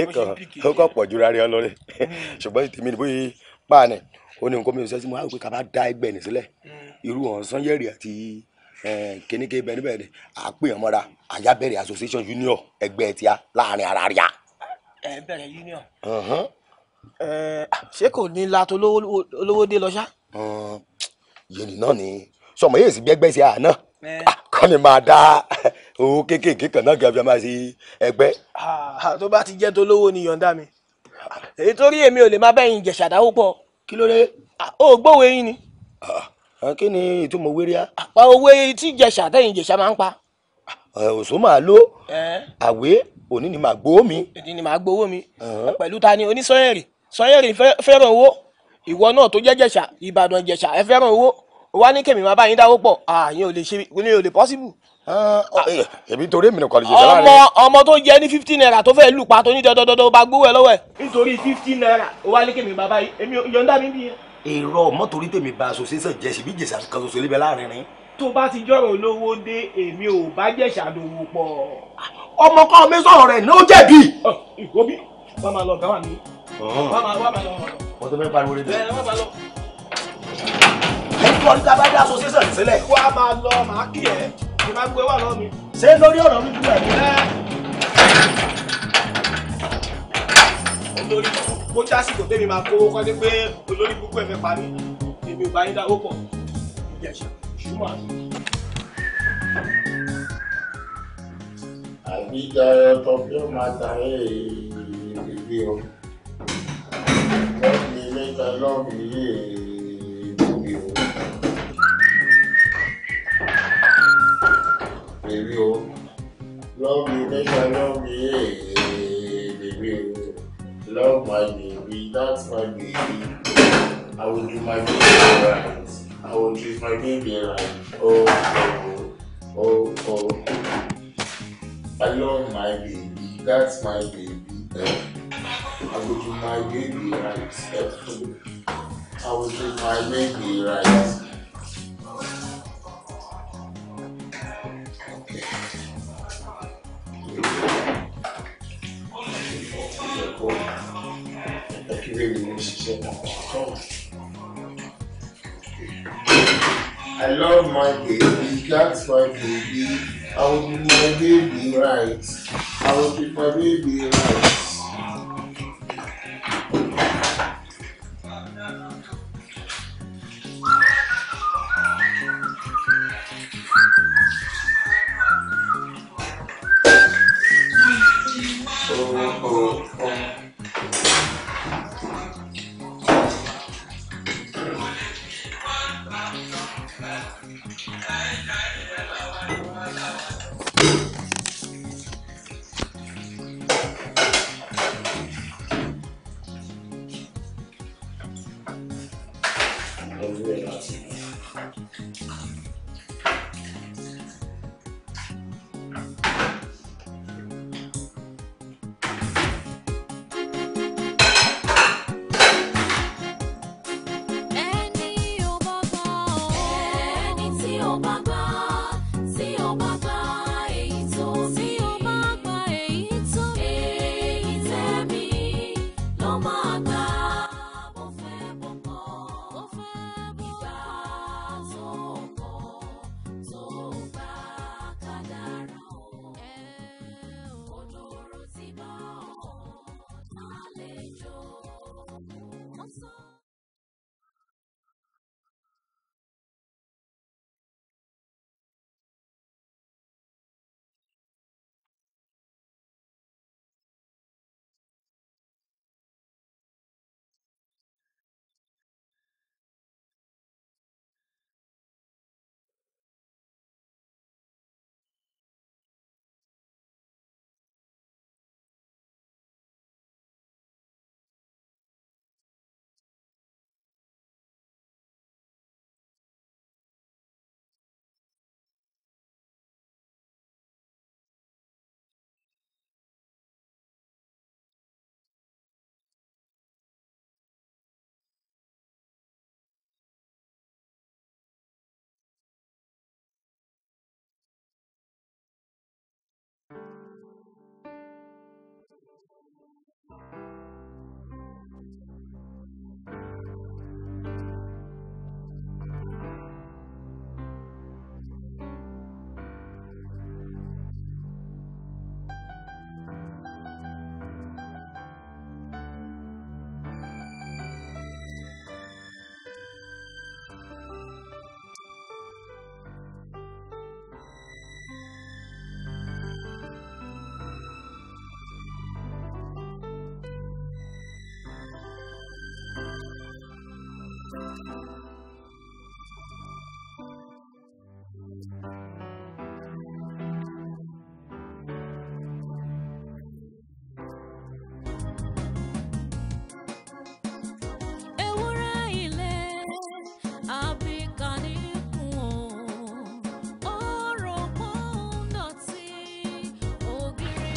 ẹkàn ó kọ pọ̀ jura rẹ ọlọ́rẹ́ ṣùgbọ́n tèmi ni bóyá páàní ó ní nǹkan mi ò sẹ́sí mo á rò pé kaba da ẹgbẹ́ ní sílẹ̀ hmm. irú ọ̀sán yẹ̀rì àti kínníkè bẹ́ẹ̀ níbẹ̀ ni àpèyàn mọ́ra àyàbẹ̀rẹ̀ association union ẹgbẹ́ tíá láàrin ara rẹ̀. ẹ bẹ̀rẹ̀ union. ṣé kò ní látò olówó dé lọ ṣá. yèlì náà ni sọmọ yéèsì gbẹgbẹ sí àná kọ́ni máa dá owó kéékèèké kan náà gàbí a máa ṣe ẹgbẹ́. tó bá ti jẹ́ tó lówó ni yọ̀ǹda mi nítorí èmi ò lè má bẹ́yìn ìjẹ̀ṣà dáwó pọ̀. kí ló dé. ó gbówó eyín ni. kí ni ìtumọ̀ wéré á. àpá owó tí ìjẹ̀ṣà tẹ̀yìn ìjẹ̀ṣà máa ń pa. òṣó máa ló àwé òní ni màá gbowó mi. òní ni màá gbowó mi pẹ̀lú ta ni onísọ́yẹ̀rì sọ́yẹ̀rì fẹ́ràn owó ìwọ náà tó jẹ́ jẹ̀ṣà ìbàdàn jẹ̀ṣà ẹ fẹ́ràn owó wá ní kèmí máa bá yín dáwó pọ̀ àyìn ò lè ṣe ní ò lè possible. èmi torí èmi nìkan lè ṣe sáláàrin. ọmọ ọmọ tó jẹ ní fifteen naira tó fẹ́ lù pa tó ní dọdọdọdọ bá gbówó ẹ lọ́wọ́ ẹ̀. nítorí fifteen naira wá ní kèmí máa bá èmi yọ̀ǹda mi bí yẹn. èrò mọ́tòrí tèmi bá association jẹ síbi jèsà kan ṣoṣo níbẹ̀ láàrin ni. tó bá ti jọ̀rọ̀ olówó dé èmi ò bá jẹ̀ṣà dòwò pọ̀. ọmọ kan mi sọ̀rọ̀ rẹ̀ ní ó jẹ̀bi. ìkóbi wàá máa lọ máa lọ lórí tabadi association sílẹ̀. wá máa lọ màá kí ẹ kí máa gbé wà lọ́mi. ṣé lórí ọ̀rọ̀ mi dúró ẹ̀mí. olórí kó jásìkò tèmi máa kówó kọ́ ni pé olórí púpọ̀ ẹ̀fẹ̀ parí èmi ò bá yín dáwó pọ̀ ìjẹ̀ṣẹ̀ ṣùgbọ́n àti. àbíjayọ tọpẹ màtàrí ìdílé o wọn fi ilé ta lọọbì yìí. baby o love me make sure love me baby eh, o eh, eh, love my baby that's my baby i will do my baby right i will treat my baby right oh oh oh oh i love my baby that's my baby i will do my baby right i will treat my baby right. ṣiṣẹ́ takuntakun. I love my baby, that's my baby. I will be my baby right. I will be my baby right.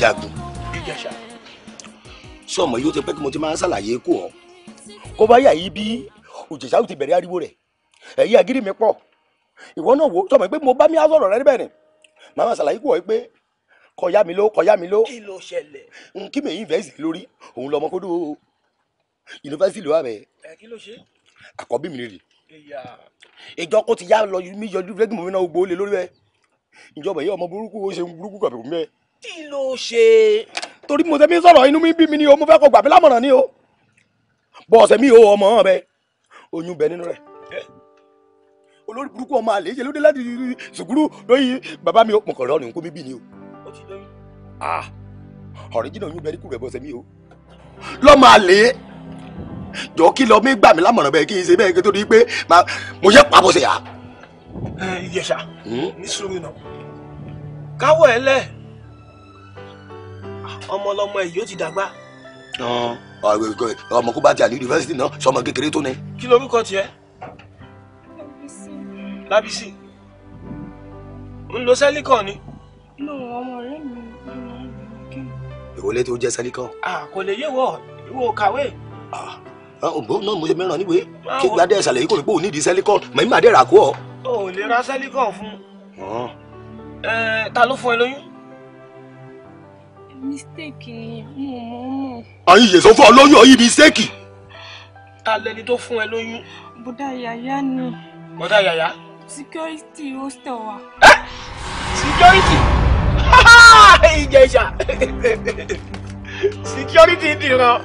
jagun ìjàṣà ṣé ọmọ yìí ó ti pẹ́ kí mo ti máa ń ṣàlàyé kó ọ kó bá yà yí bí òjèṣà ó ti bẹ̀rẹ̀ ariwo rẹ̀ ẹ̀yí àgírí mi pọ̀ ìwọ náà wò sọmọ pé mo bá mi á sọ̀rọ̀ rẹ níbẹ̀ ni màmá ṣàlàyé kó ọ pé kọyá mi ló kọyá mi ló kí ló ṣẹlẹ̀ n kí mi invest lórí òun lọmọ kó dó yunifásitì ló wà bẹ́ẹ̀ kí ló ṣe àkọ́bí mi rè ìjọ kó ti yá lọ mí yọjú fúlẹ́gì mọ́mí náà gbó lé lórí bẹ́ẹ̀ ìjọba yìí ọmọ burúkú ó ṣe burúkú kàbí mẹ́ẹ̀ kí ló ṣe. torí mo ṣe mi sọ̀rọ̀ inú mi bí mi ni o mo fẹ́ kó gbà mí lámọ̀ràn ni o bọ́ọ̀sẹ̀ mi ò ọmọ bẹ oyún bẹ nínú rẹ̀ olórí burúkú ọmọ àlè ṣe ló dé láti sùkúrú lóyún bàbá mi mọ̀kàn rẹ̀ ọ̀nìyàn kó mi bì ni o. ọ̀rẹ́ jìnnà oyún bẹ ní kúrò ẹ̀ bọ́ọ̀sẹ̀ mi o lọ́mọ àlè jọ kí lọ mi gbà mí lámọ̀ràn bẹ́ẹ̀ kí n ṣe bẹ́ẹ̀ kí n tó di pé mo ṣe pàbọ̀sẹ̀ yà. ìyẹ̀ṣà hmm? ní sùúrù náà káwọ̀ ẹ lẹ́ẹ̀ ọmọ ọlọmọ yìí yóò ti dàgbà. ọmọ kó bá ti àlè yunifásitì náà sọmọ kékeré tó ní. kí lorúkọ tiẹ̀. lábísí. ń lo sẹ́líkàn ni. no ọmọ rẹ mi ìwọ lẹ́tọ̀ ó jẹ́ sẹ́líkàn. kò lè yé wọ ìwọ kàwé. ògbó náà mo ṣe mẹ́ràn níwèé kí gbadé ìsàlẹ̀ yìí kò rí pé òun nídìí sẹ́líkàn mẹ́mí màdé rà kó ọ. o ò lè ra sẹ́líkàn fún un. ta ló fún ẹ lóyún mistake ni mo mọ̀ mọ̀. àyìn yẹ̀sán fún ọ lóyún ọyí mistake. ta lẹni tó fún ẹ lóyún. bọ́dà yàyà ni. bọ́dà yàyà. security hostel wa. security ìjẹ̀ṣà security dìran.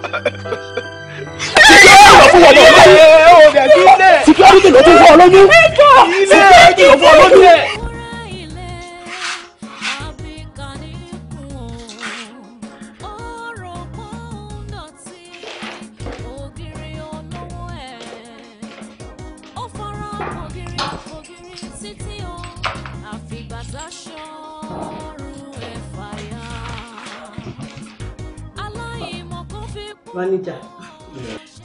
security ló fún wọn lóyún. security ló fún wọn lóyún. security ló fún wọn lóyún. jà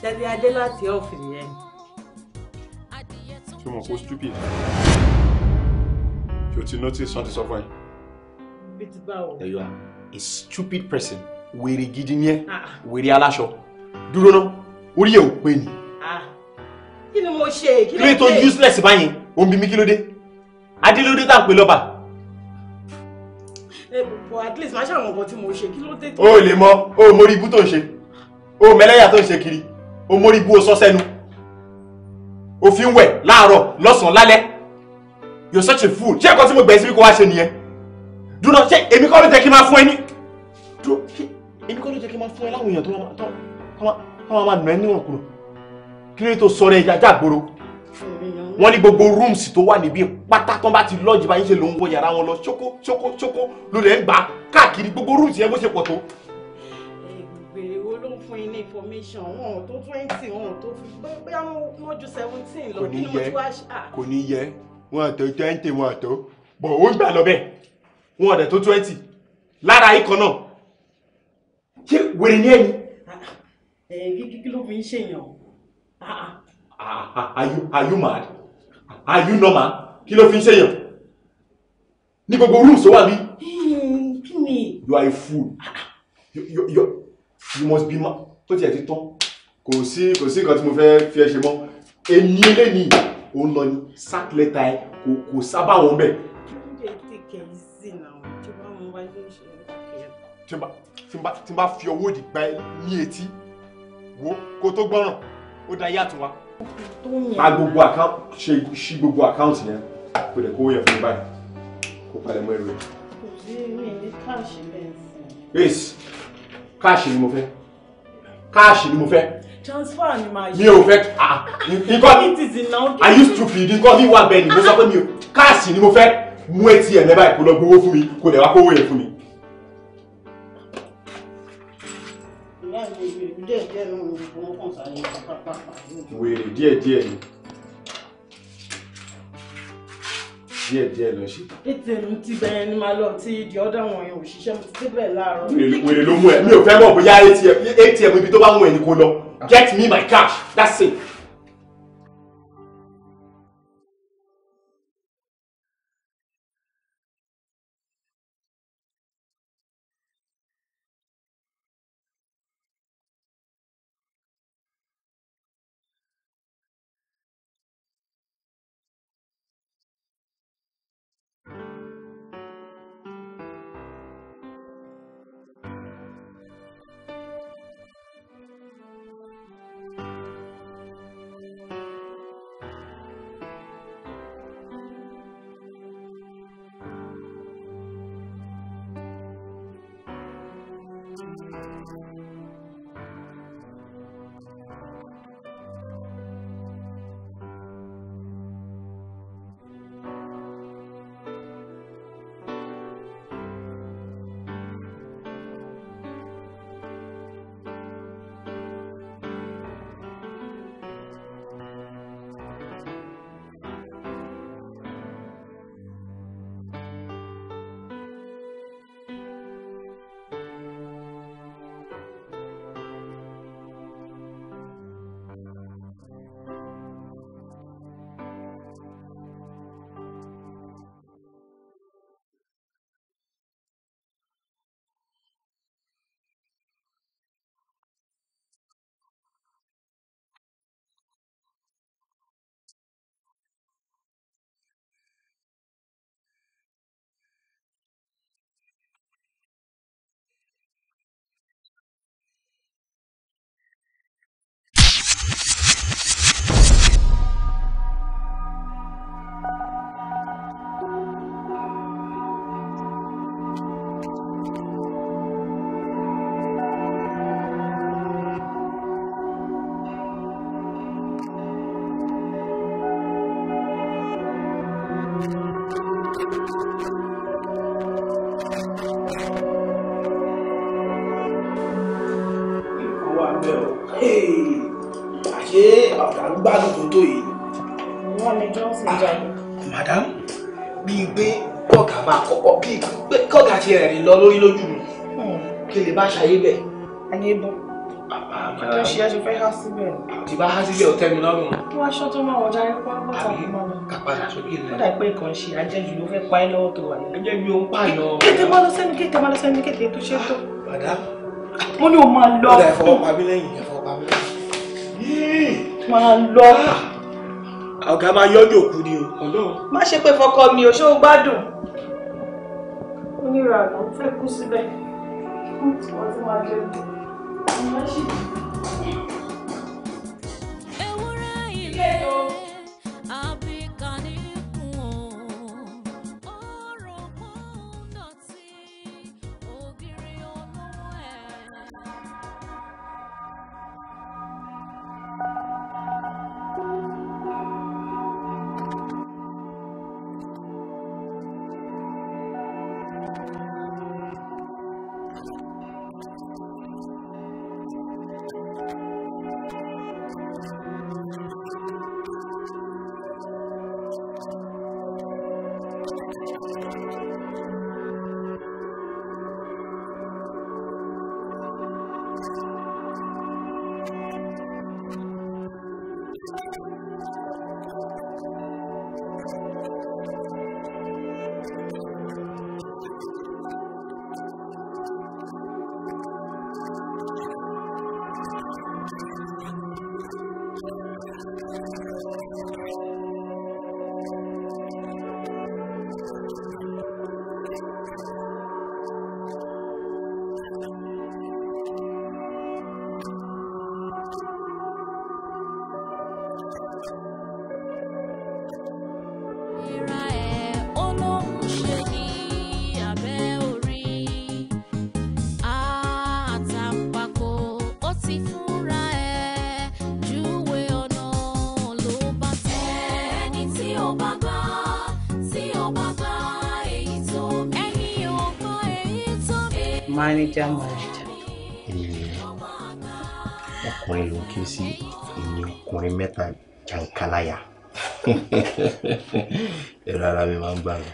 dàbí adé láti ọ̀fì yẹn. ṣé mo kó stupid ṣé o ti notice something sọ fún ẹ. bí ti bá o. there you are a stupid person wèrè gidi ni ẹ ah, ah. wèrè aláṣọ dúró ná orí ẹ ò pé ni. Ah. kí ni mo ṣe kí ló tó useless báyìí òun bí mi kí ló dé adé ló dé tá à ń pè lọ́ba eh, at least máa ṣàwọn ọkọ tí mo ṣe kí ló dé. o lè mọ o mo rí ibú tó ń ṣe o mẹlẹ́yà tó ń ṣe kiri o mórí bú o sọ sẹ́nu o fi ń wẹ̀ láàárọ̀ lọ́sàn-án lálẹ́ you're such a fool ṣé ẹ̀kọ́ tí mo gbẹ̀yìn síbi kó wá ṣe nìyẹn dúró ṣé èmi kọ́ ló jẹ́ kí n máa fún ẹ ní dúró ṣé èmi kọ́ ló jẹ́ kí n máa fún ẹ láwọn èèyàn tó máa máa nà ẹ́ níwọ̀n kúrò kí ló tó sọ̀rọ̀ ẹja jágboro wọ́n ní gbogbo rooms tó wà níbí pátá tán bá ti lọ́ọ̀jì báyìí ṣe ló ń wọ yàrá wọn lọ ṣókó ṣókó ṣókó ló lẹ́ ń gbà káàkiri gbogbo rooms yẹn bó ṣe pọ̀ tó fún yín ní information wọn tó twenty wọn ò tó fi bóyá wọn ju seventeen lọ kí ni mo ti wá ṣe. Ah. kò ní yẹ wọn àtó twenty wọn àtó bọ̀ ó gbà lọ bẹ́ẹ̀ wọn ọ̀dẹ̀ tó twenty lára ikọ̀ náà ṣé wèrè ní ẹni. Ah, eh, kí ló fi ń ṣèyàn. Ah, are you mad are you normal kí ló fi ń ṣèyàn ní gbogbo rúùsù wà bí. kí ni. you are a fool. you, you, you, you must be ma tó tiẹ̀ ti tán kò sí kò sí nǹkan tí mo fẹ́ fi ẹ ṣe mọ́ èmi eléyìí ò ń lọ ní sack letter ẹ kò kò sábà wọn bẹ̀. tí n bá fi owó òdì gba ẹ ní etí wo kó tó gbọ́ràn ó da yàtọ̀ wa. pa gbogbo àkáǹtì ṣí gbogbo àkáǹtì yẹn kó dẹ̀ kó yẹ fún mi báyìí kó palẹ̀ mọ́ ẹrù ẹ̀. kò sí mi ní káàṣì bẹ́ẹ̀ káàṣì ni mo fẹ́ káàṣì ni mo fẹ́. transfer ni màá yẹ. mi ò fẹ́ nǹkan ah, are you stupid nǹkan mi wà bẹ́ẹ̀ ni mo sọ pé mi ò káàṣì ni mo fẹ́ mú etí ẹ̀ lẹ́bàá ìkólọ́ gbowó fún mi kò dẹ̀ wá kówó yẹn fún mi. wèrè díẹ̀ ni. díẹ̀ díẹ̀ lọ ṣe. ètò ẹnu ti bẹ̀rẹ̀ ni màá lọ tí di ọ̀dọ̀ àwọn èèyàn òṣìṣẹ́ mi ti débẹ̀ láàárọ̀. wèrè ló mú ẹ mi ò fẹ́ mọ̀ bóyá atm ibi tó bá mú ẹ ni kò lọ get me my cash that's it. máa kọ́kọ́ kí kọ́gà ti ẹ̀rìn lọ lórí lójú mi hmm. kí lè bá ṣayé bẹ̀. ayé bọ tó ṣe ẹ ṣe fẹ́ há síbẹ̀. tí bá há síbẹ̀ ò tẹ́ mi lọ́rùn. kí wọ́n aṣọ tó máa wọ̀ jáde pápá tàbí máa lọ. kàpadà sókè lẹ. ó dà pé nǹkan ṣe ajẹ́jú ló fẹ́ pa ẹ́ lọ́wọ́ tó wà ní. ajẹ́jú ó ń pààyàn. kété máa lọ sẹ́nu kété máa lọ sẹ́nu kété tó ṣe tó. bàdá. mo ní o máa lọ. ó dà ìfọwọ́pá mi lẹ́yìn ìfọwọ́pá mi lẹ́yìn. Ah! ọ̀gá máa yọ́jò nira àná fẹ́ kú síbẹ̀ wọ́n ti máa jẹun. Thank you. ọmarịcha ma ọcha. ọkùnrin ló ké sí ìní ọkùnrin mẹ́ta jankalaya ẹ̀rọ ara mi máa ń gbà mí.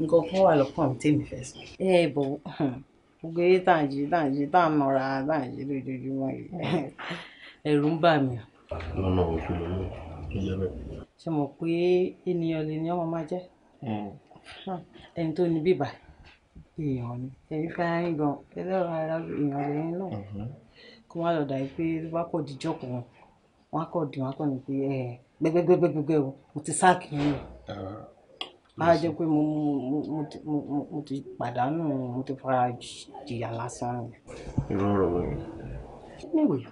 nǹkan mi tèmi fẹ́ sọ. ẹ bọ̀ gbogbo eré tá à ń jí tá à ń jí tá à ń nọra ẹni tó ní bíbà èèyàn ni ẹ̀yin fi ara yín gan ẹlẹ́rọ ara èèyàn lẹ́yìn náà mm-hmm. kó má lọ dàbí pé tó bá kọ̀ díjọ́ á kọ̀ dín á kọ̀ ní pé ẹ gbẹgbẹgbẹgbẹgbẹ o mo ti sáàkì yín ah, o pé mo mo ti pàdánù mo ti fara jìyà lásán ni. irú ni. níwèé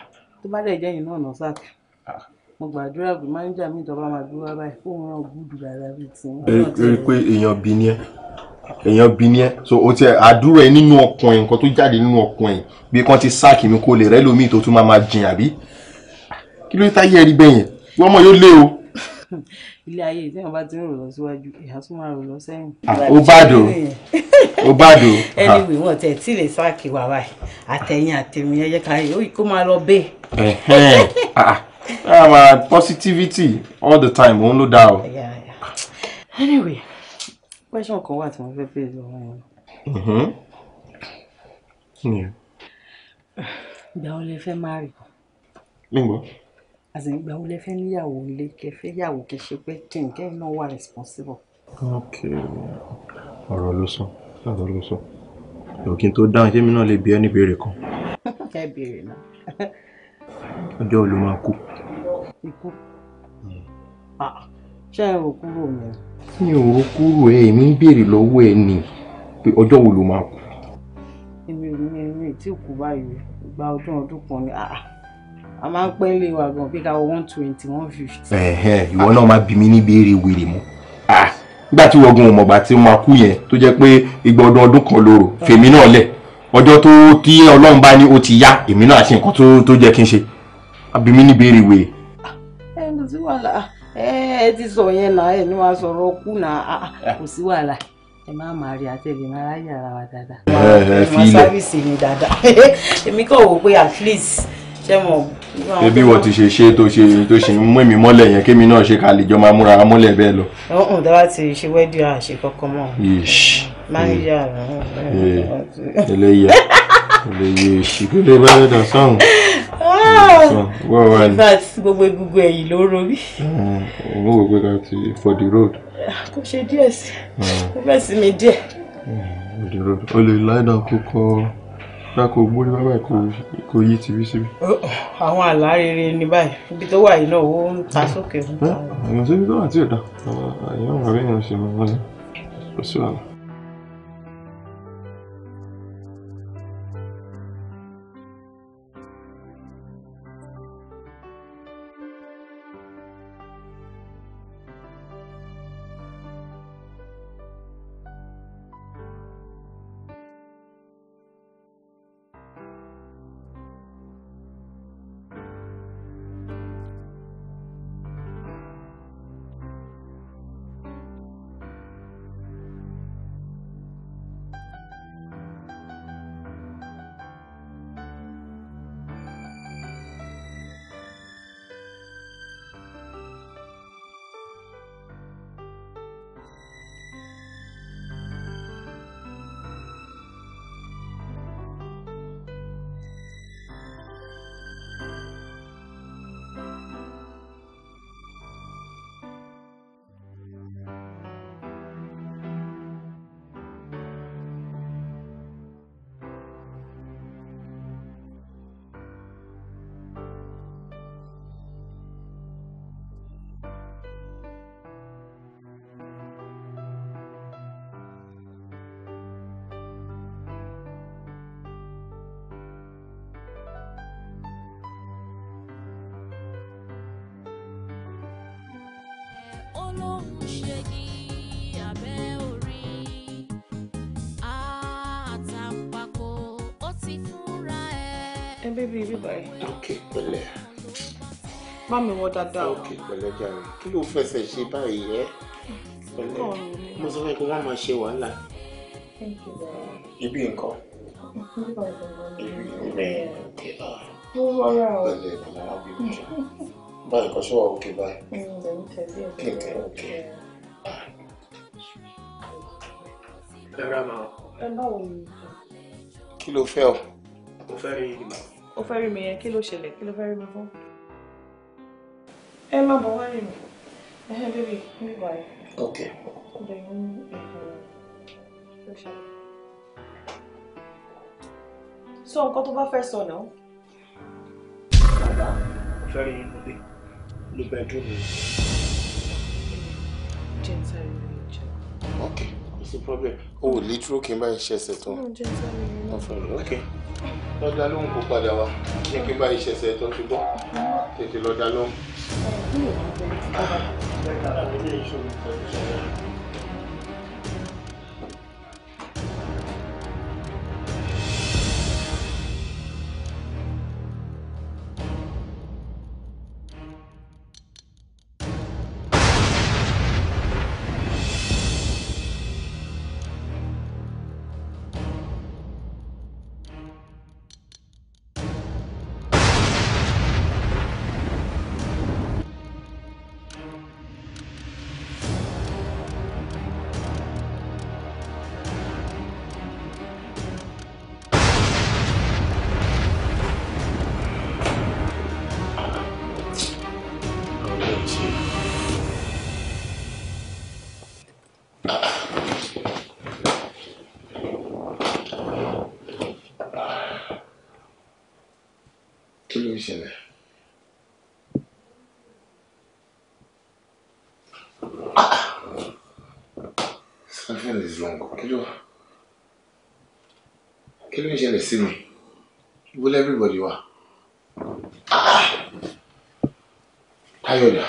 tó bá dẹ̀ jẹ́ yìí náà mo gbàdúrà pé máníjà mi ìjọba máa gbé wá báyìí fóun náà gbúdù rárá bíi ti. rí i pé èèyàn bí ni ẹ èèyàn bí ni ẹ so o ti àdúrà ẹ nínú ọkàn ẹ nǹkan tó jáde nínú ọkàn ẹ bí kan ti sáàkì mi kó lè rẹ lómi tó tún máa máa jìn àbí kí ló táyé ẹ rí bẹ́yẹn wọ́n mọ̀ yóò lé o. ilé ayé tí wọn bá ti ń rò lọ síwájú ìhà tún máa rò lọ sẹ́yìn. Ah, ó bá ó bá dò. wọn tẹ tí lè sáàkì wà wáyé àtẹ̀yìn àtẹ̀mí ẹyẹ káyọ kó máa lọ bẹ́ẹ̀ yeah, man, positivity all the time look down. Yeah, yeah. anyway question kan wà tí mo fẹ́ bèèrè lọ́wọ́ yẹn. Mm-hmm. ìgbà wo lẹ fẹ́ máa rí. nígbà. àti ìgbà wo lẹ fẹ́ níyàwó ilé kẹ fẹ́ yàwó kẹ ṣe pé kí n kẹ́hìn náà wà responsible. ok ọ̀rọ̀ ló sọ ọ̀rọ̀ ló sọ òkè tó dáhùn ṣé mi náà lè bi ẹ́ ní ìbéèrè kan. ẹ béèrè náà. ọjọ́ wo ló máa ikú hmm. ṣé ẹ rò kúrò yẹn. mi ò rò kúrò ẹ èmi ń béèrè lọ́wọ́ ẹ ní pé ọjọ́ wo ló máa kú. èmi ò ní ẹni tí kò báyìí gba ọdún ọdún kan ni a máa ń pẹ́ lé wa gan bí ká one twenty one fifty. ìwọ náà máa bí mi ní béèrè wèrè mọ́ nígbà tí wọ́gun ọmọọba tí wọ́n máa kú yẹn tó jẹ́ pé igba ọdún ọdún kan lóru fèmí náà lẹ̀ ọjọ́ tó tí ọlọ́run bá ní ó ti yá èmi náà ṣe nǹkan tó jẹ́ kí n ṣe àbí mi ní béèrè wèrè sí wàhálà ẹ ẹ ti sọ yẹn là ẹ ní wàá sọ̀rọ̀ kù náà kò sí wàhálà ẹ má máa rí àtẹlẹ máa ráyè ara wa dáadáa. ẹ fi ilẹ̀ sáfìsì mi dáadáa èmi kàn wò pé at least ṣé mo. ebi wo ti ṣe ṣe tó ṣe tó ṣe ń mú èmi mọ́lẹ̀ yẹn kémi náà ṣe ká lè jọ máa múra wa mọ́lẹ̀ bẹ́ẹ̀ lọ. ọ̀hún dábàá ti ṣe wẹ́dí àṣẹ kankan mọ́. máníjà rẹ̀ ẹlẹ́yà ẹlẹ́yà ìṣìkúlẹ̀ bá rẹ̀ dà sáhùn well well in gbogbo egungun ẹ̀yìn ló ro mí. Mm, mo wò pé ká ti for the road. Ah, kò ṣe díẹ̀ sí i mm. bẹ́ẹ̀ sí mi díẹ̀. Mm, for the road o lè lie down kó kọ́ dákò mórí bàbá kò yí tìbí síbi. Oh, àwọn àlá ni báyìí ibi tó wà yìí náà ó ń ta sókè. Eh, àyàn síbi tó wà tí ò dá àwọn àyàn wà bẹ́ẹ̀ yẹn ṣe máa ń wọlé kò sí wàhálà. ṣe bébí ibi báyìí. ok pẹ̀lẹ́. bá mi wọ dáadáa. ok pẹ̀lẹ́ jàre kí ló fẹsẹ̀ ṣe báyìí ẹ. pẹ̀lẹ́ mo sọ fún ẹ pé wọn máa ṣe wàhálà. ibi nǹkan. ibi ìrìn òkè náà. pẹ̀lẹ́ pẹ̀lẹ́ wọn bí wọn jẹ. báyìí kọ́ sọ́wọ́ òkè báyìí. kí n tẹ òkè. ẹ rà máa. ẹ báwo ni. kí ló fẹ́ o. mo fẹ́ rí ìgbà ó fẹ́ rí mi yẹn kí ló ṣẹlẹ̀ kí ló fẹ́ rí mi fún. ẹ má bọ̀ wá rí mi ẹ ẹ bèbè mi wà yìí. ok. ìdẹ̀yìn ìfọ̀rọ̀ ló ṣẹlẹ̀. sọ nǹkan tó bá fẹ́ sọ náà. bàbá fẹ́ rí inú dé ló bẹ dùn mí. jẹ́ ń sáré rẹ̀ jẹ́. ok no problem o ò lè dúró kí n bá ẹ ṣe ẹsẹ̀ tán. okay lọ́dà lóhùn kò padà wá ní kí n bá iṣẹ́ ṣe ẹ̀tọ́ ti bọ́ tètè lọ́dà lóhùn. ṣe. kí ló ń ṣẹlẹ̀? Something is wrong. Kí ló kí ló ń ṣẹlẹ̀ sí mi? Will everybody 还有呢。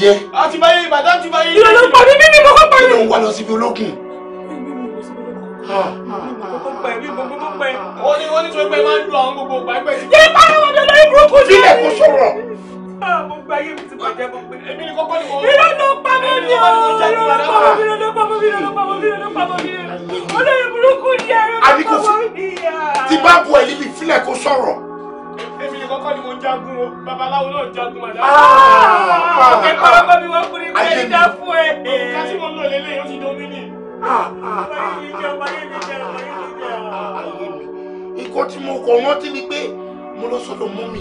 jẹ́ kò rántí mi pé mo lọ sọ́dọ̀ mọ́mì.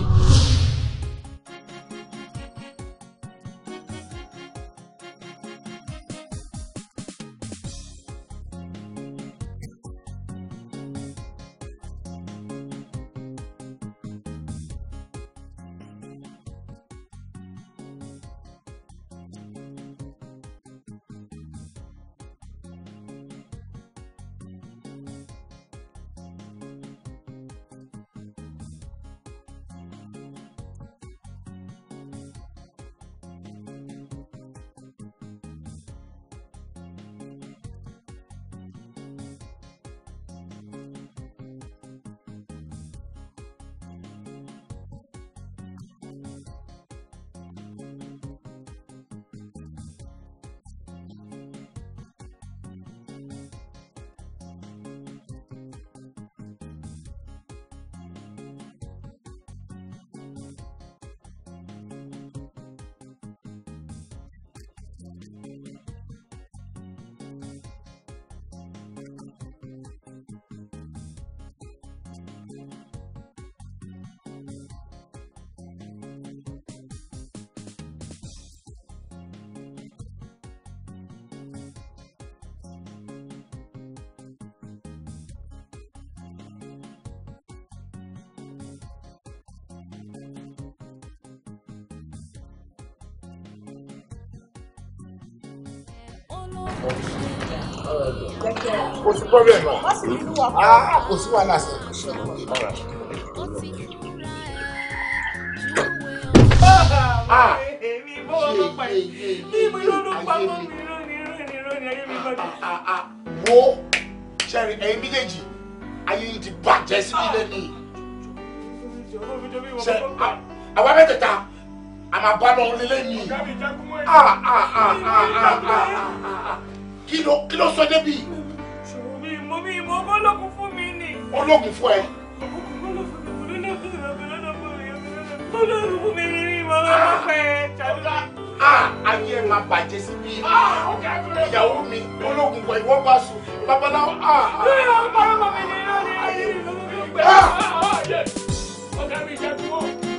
Ah, kò sí wàhálà sí ah, ah. wo sẹ́rin ẹ̀yin méjèèjì ayé yìí ti bàjẹ́ sí ilé sẹ àwa mẹ́tẹ̀ẹ̀ta a máa bá lọ nílé mi. kí ló sọ débi ológun fún ẹ. ayé ẹ máa bàjẹ́ sí bí ah, ìyàwó mi ológun wọ ìwọ bá sùn babaláwo. ọ̀gá mi ìjà tí wọ́n.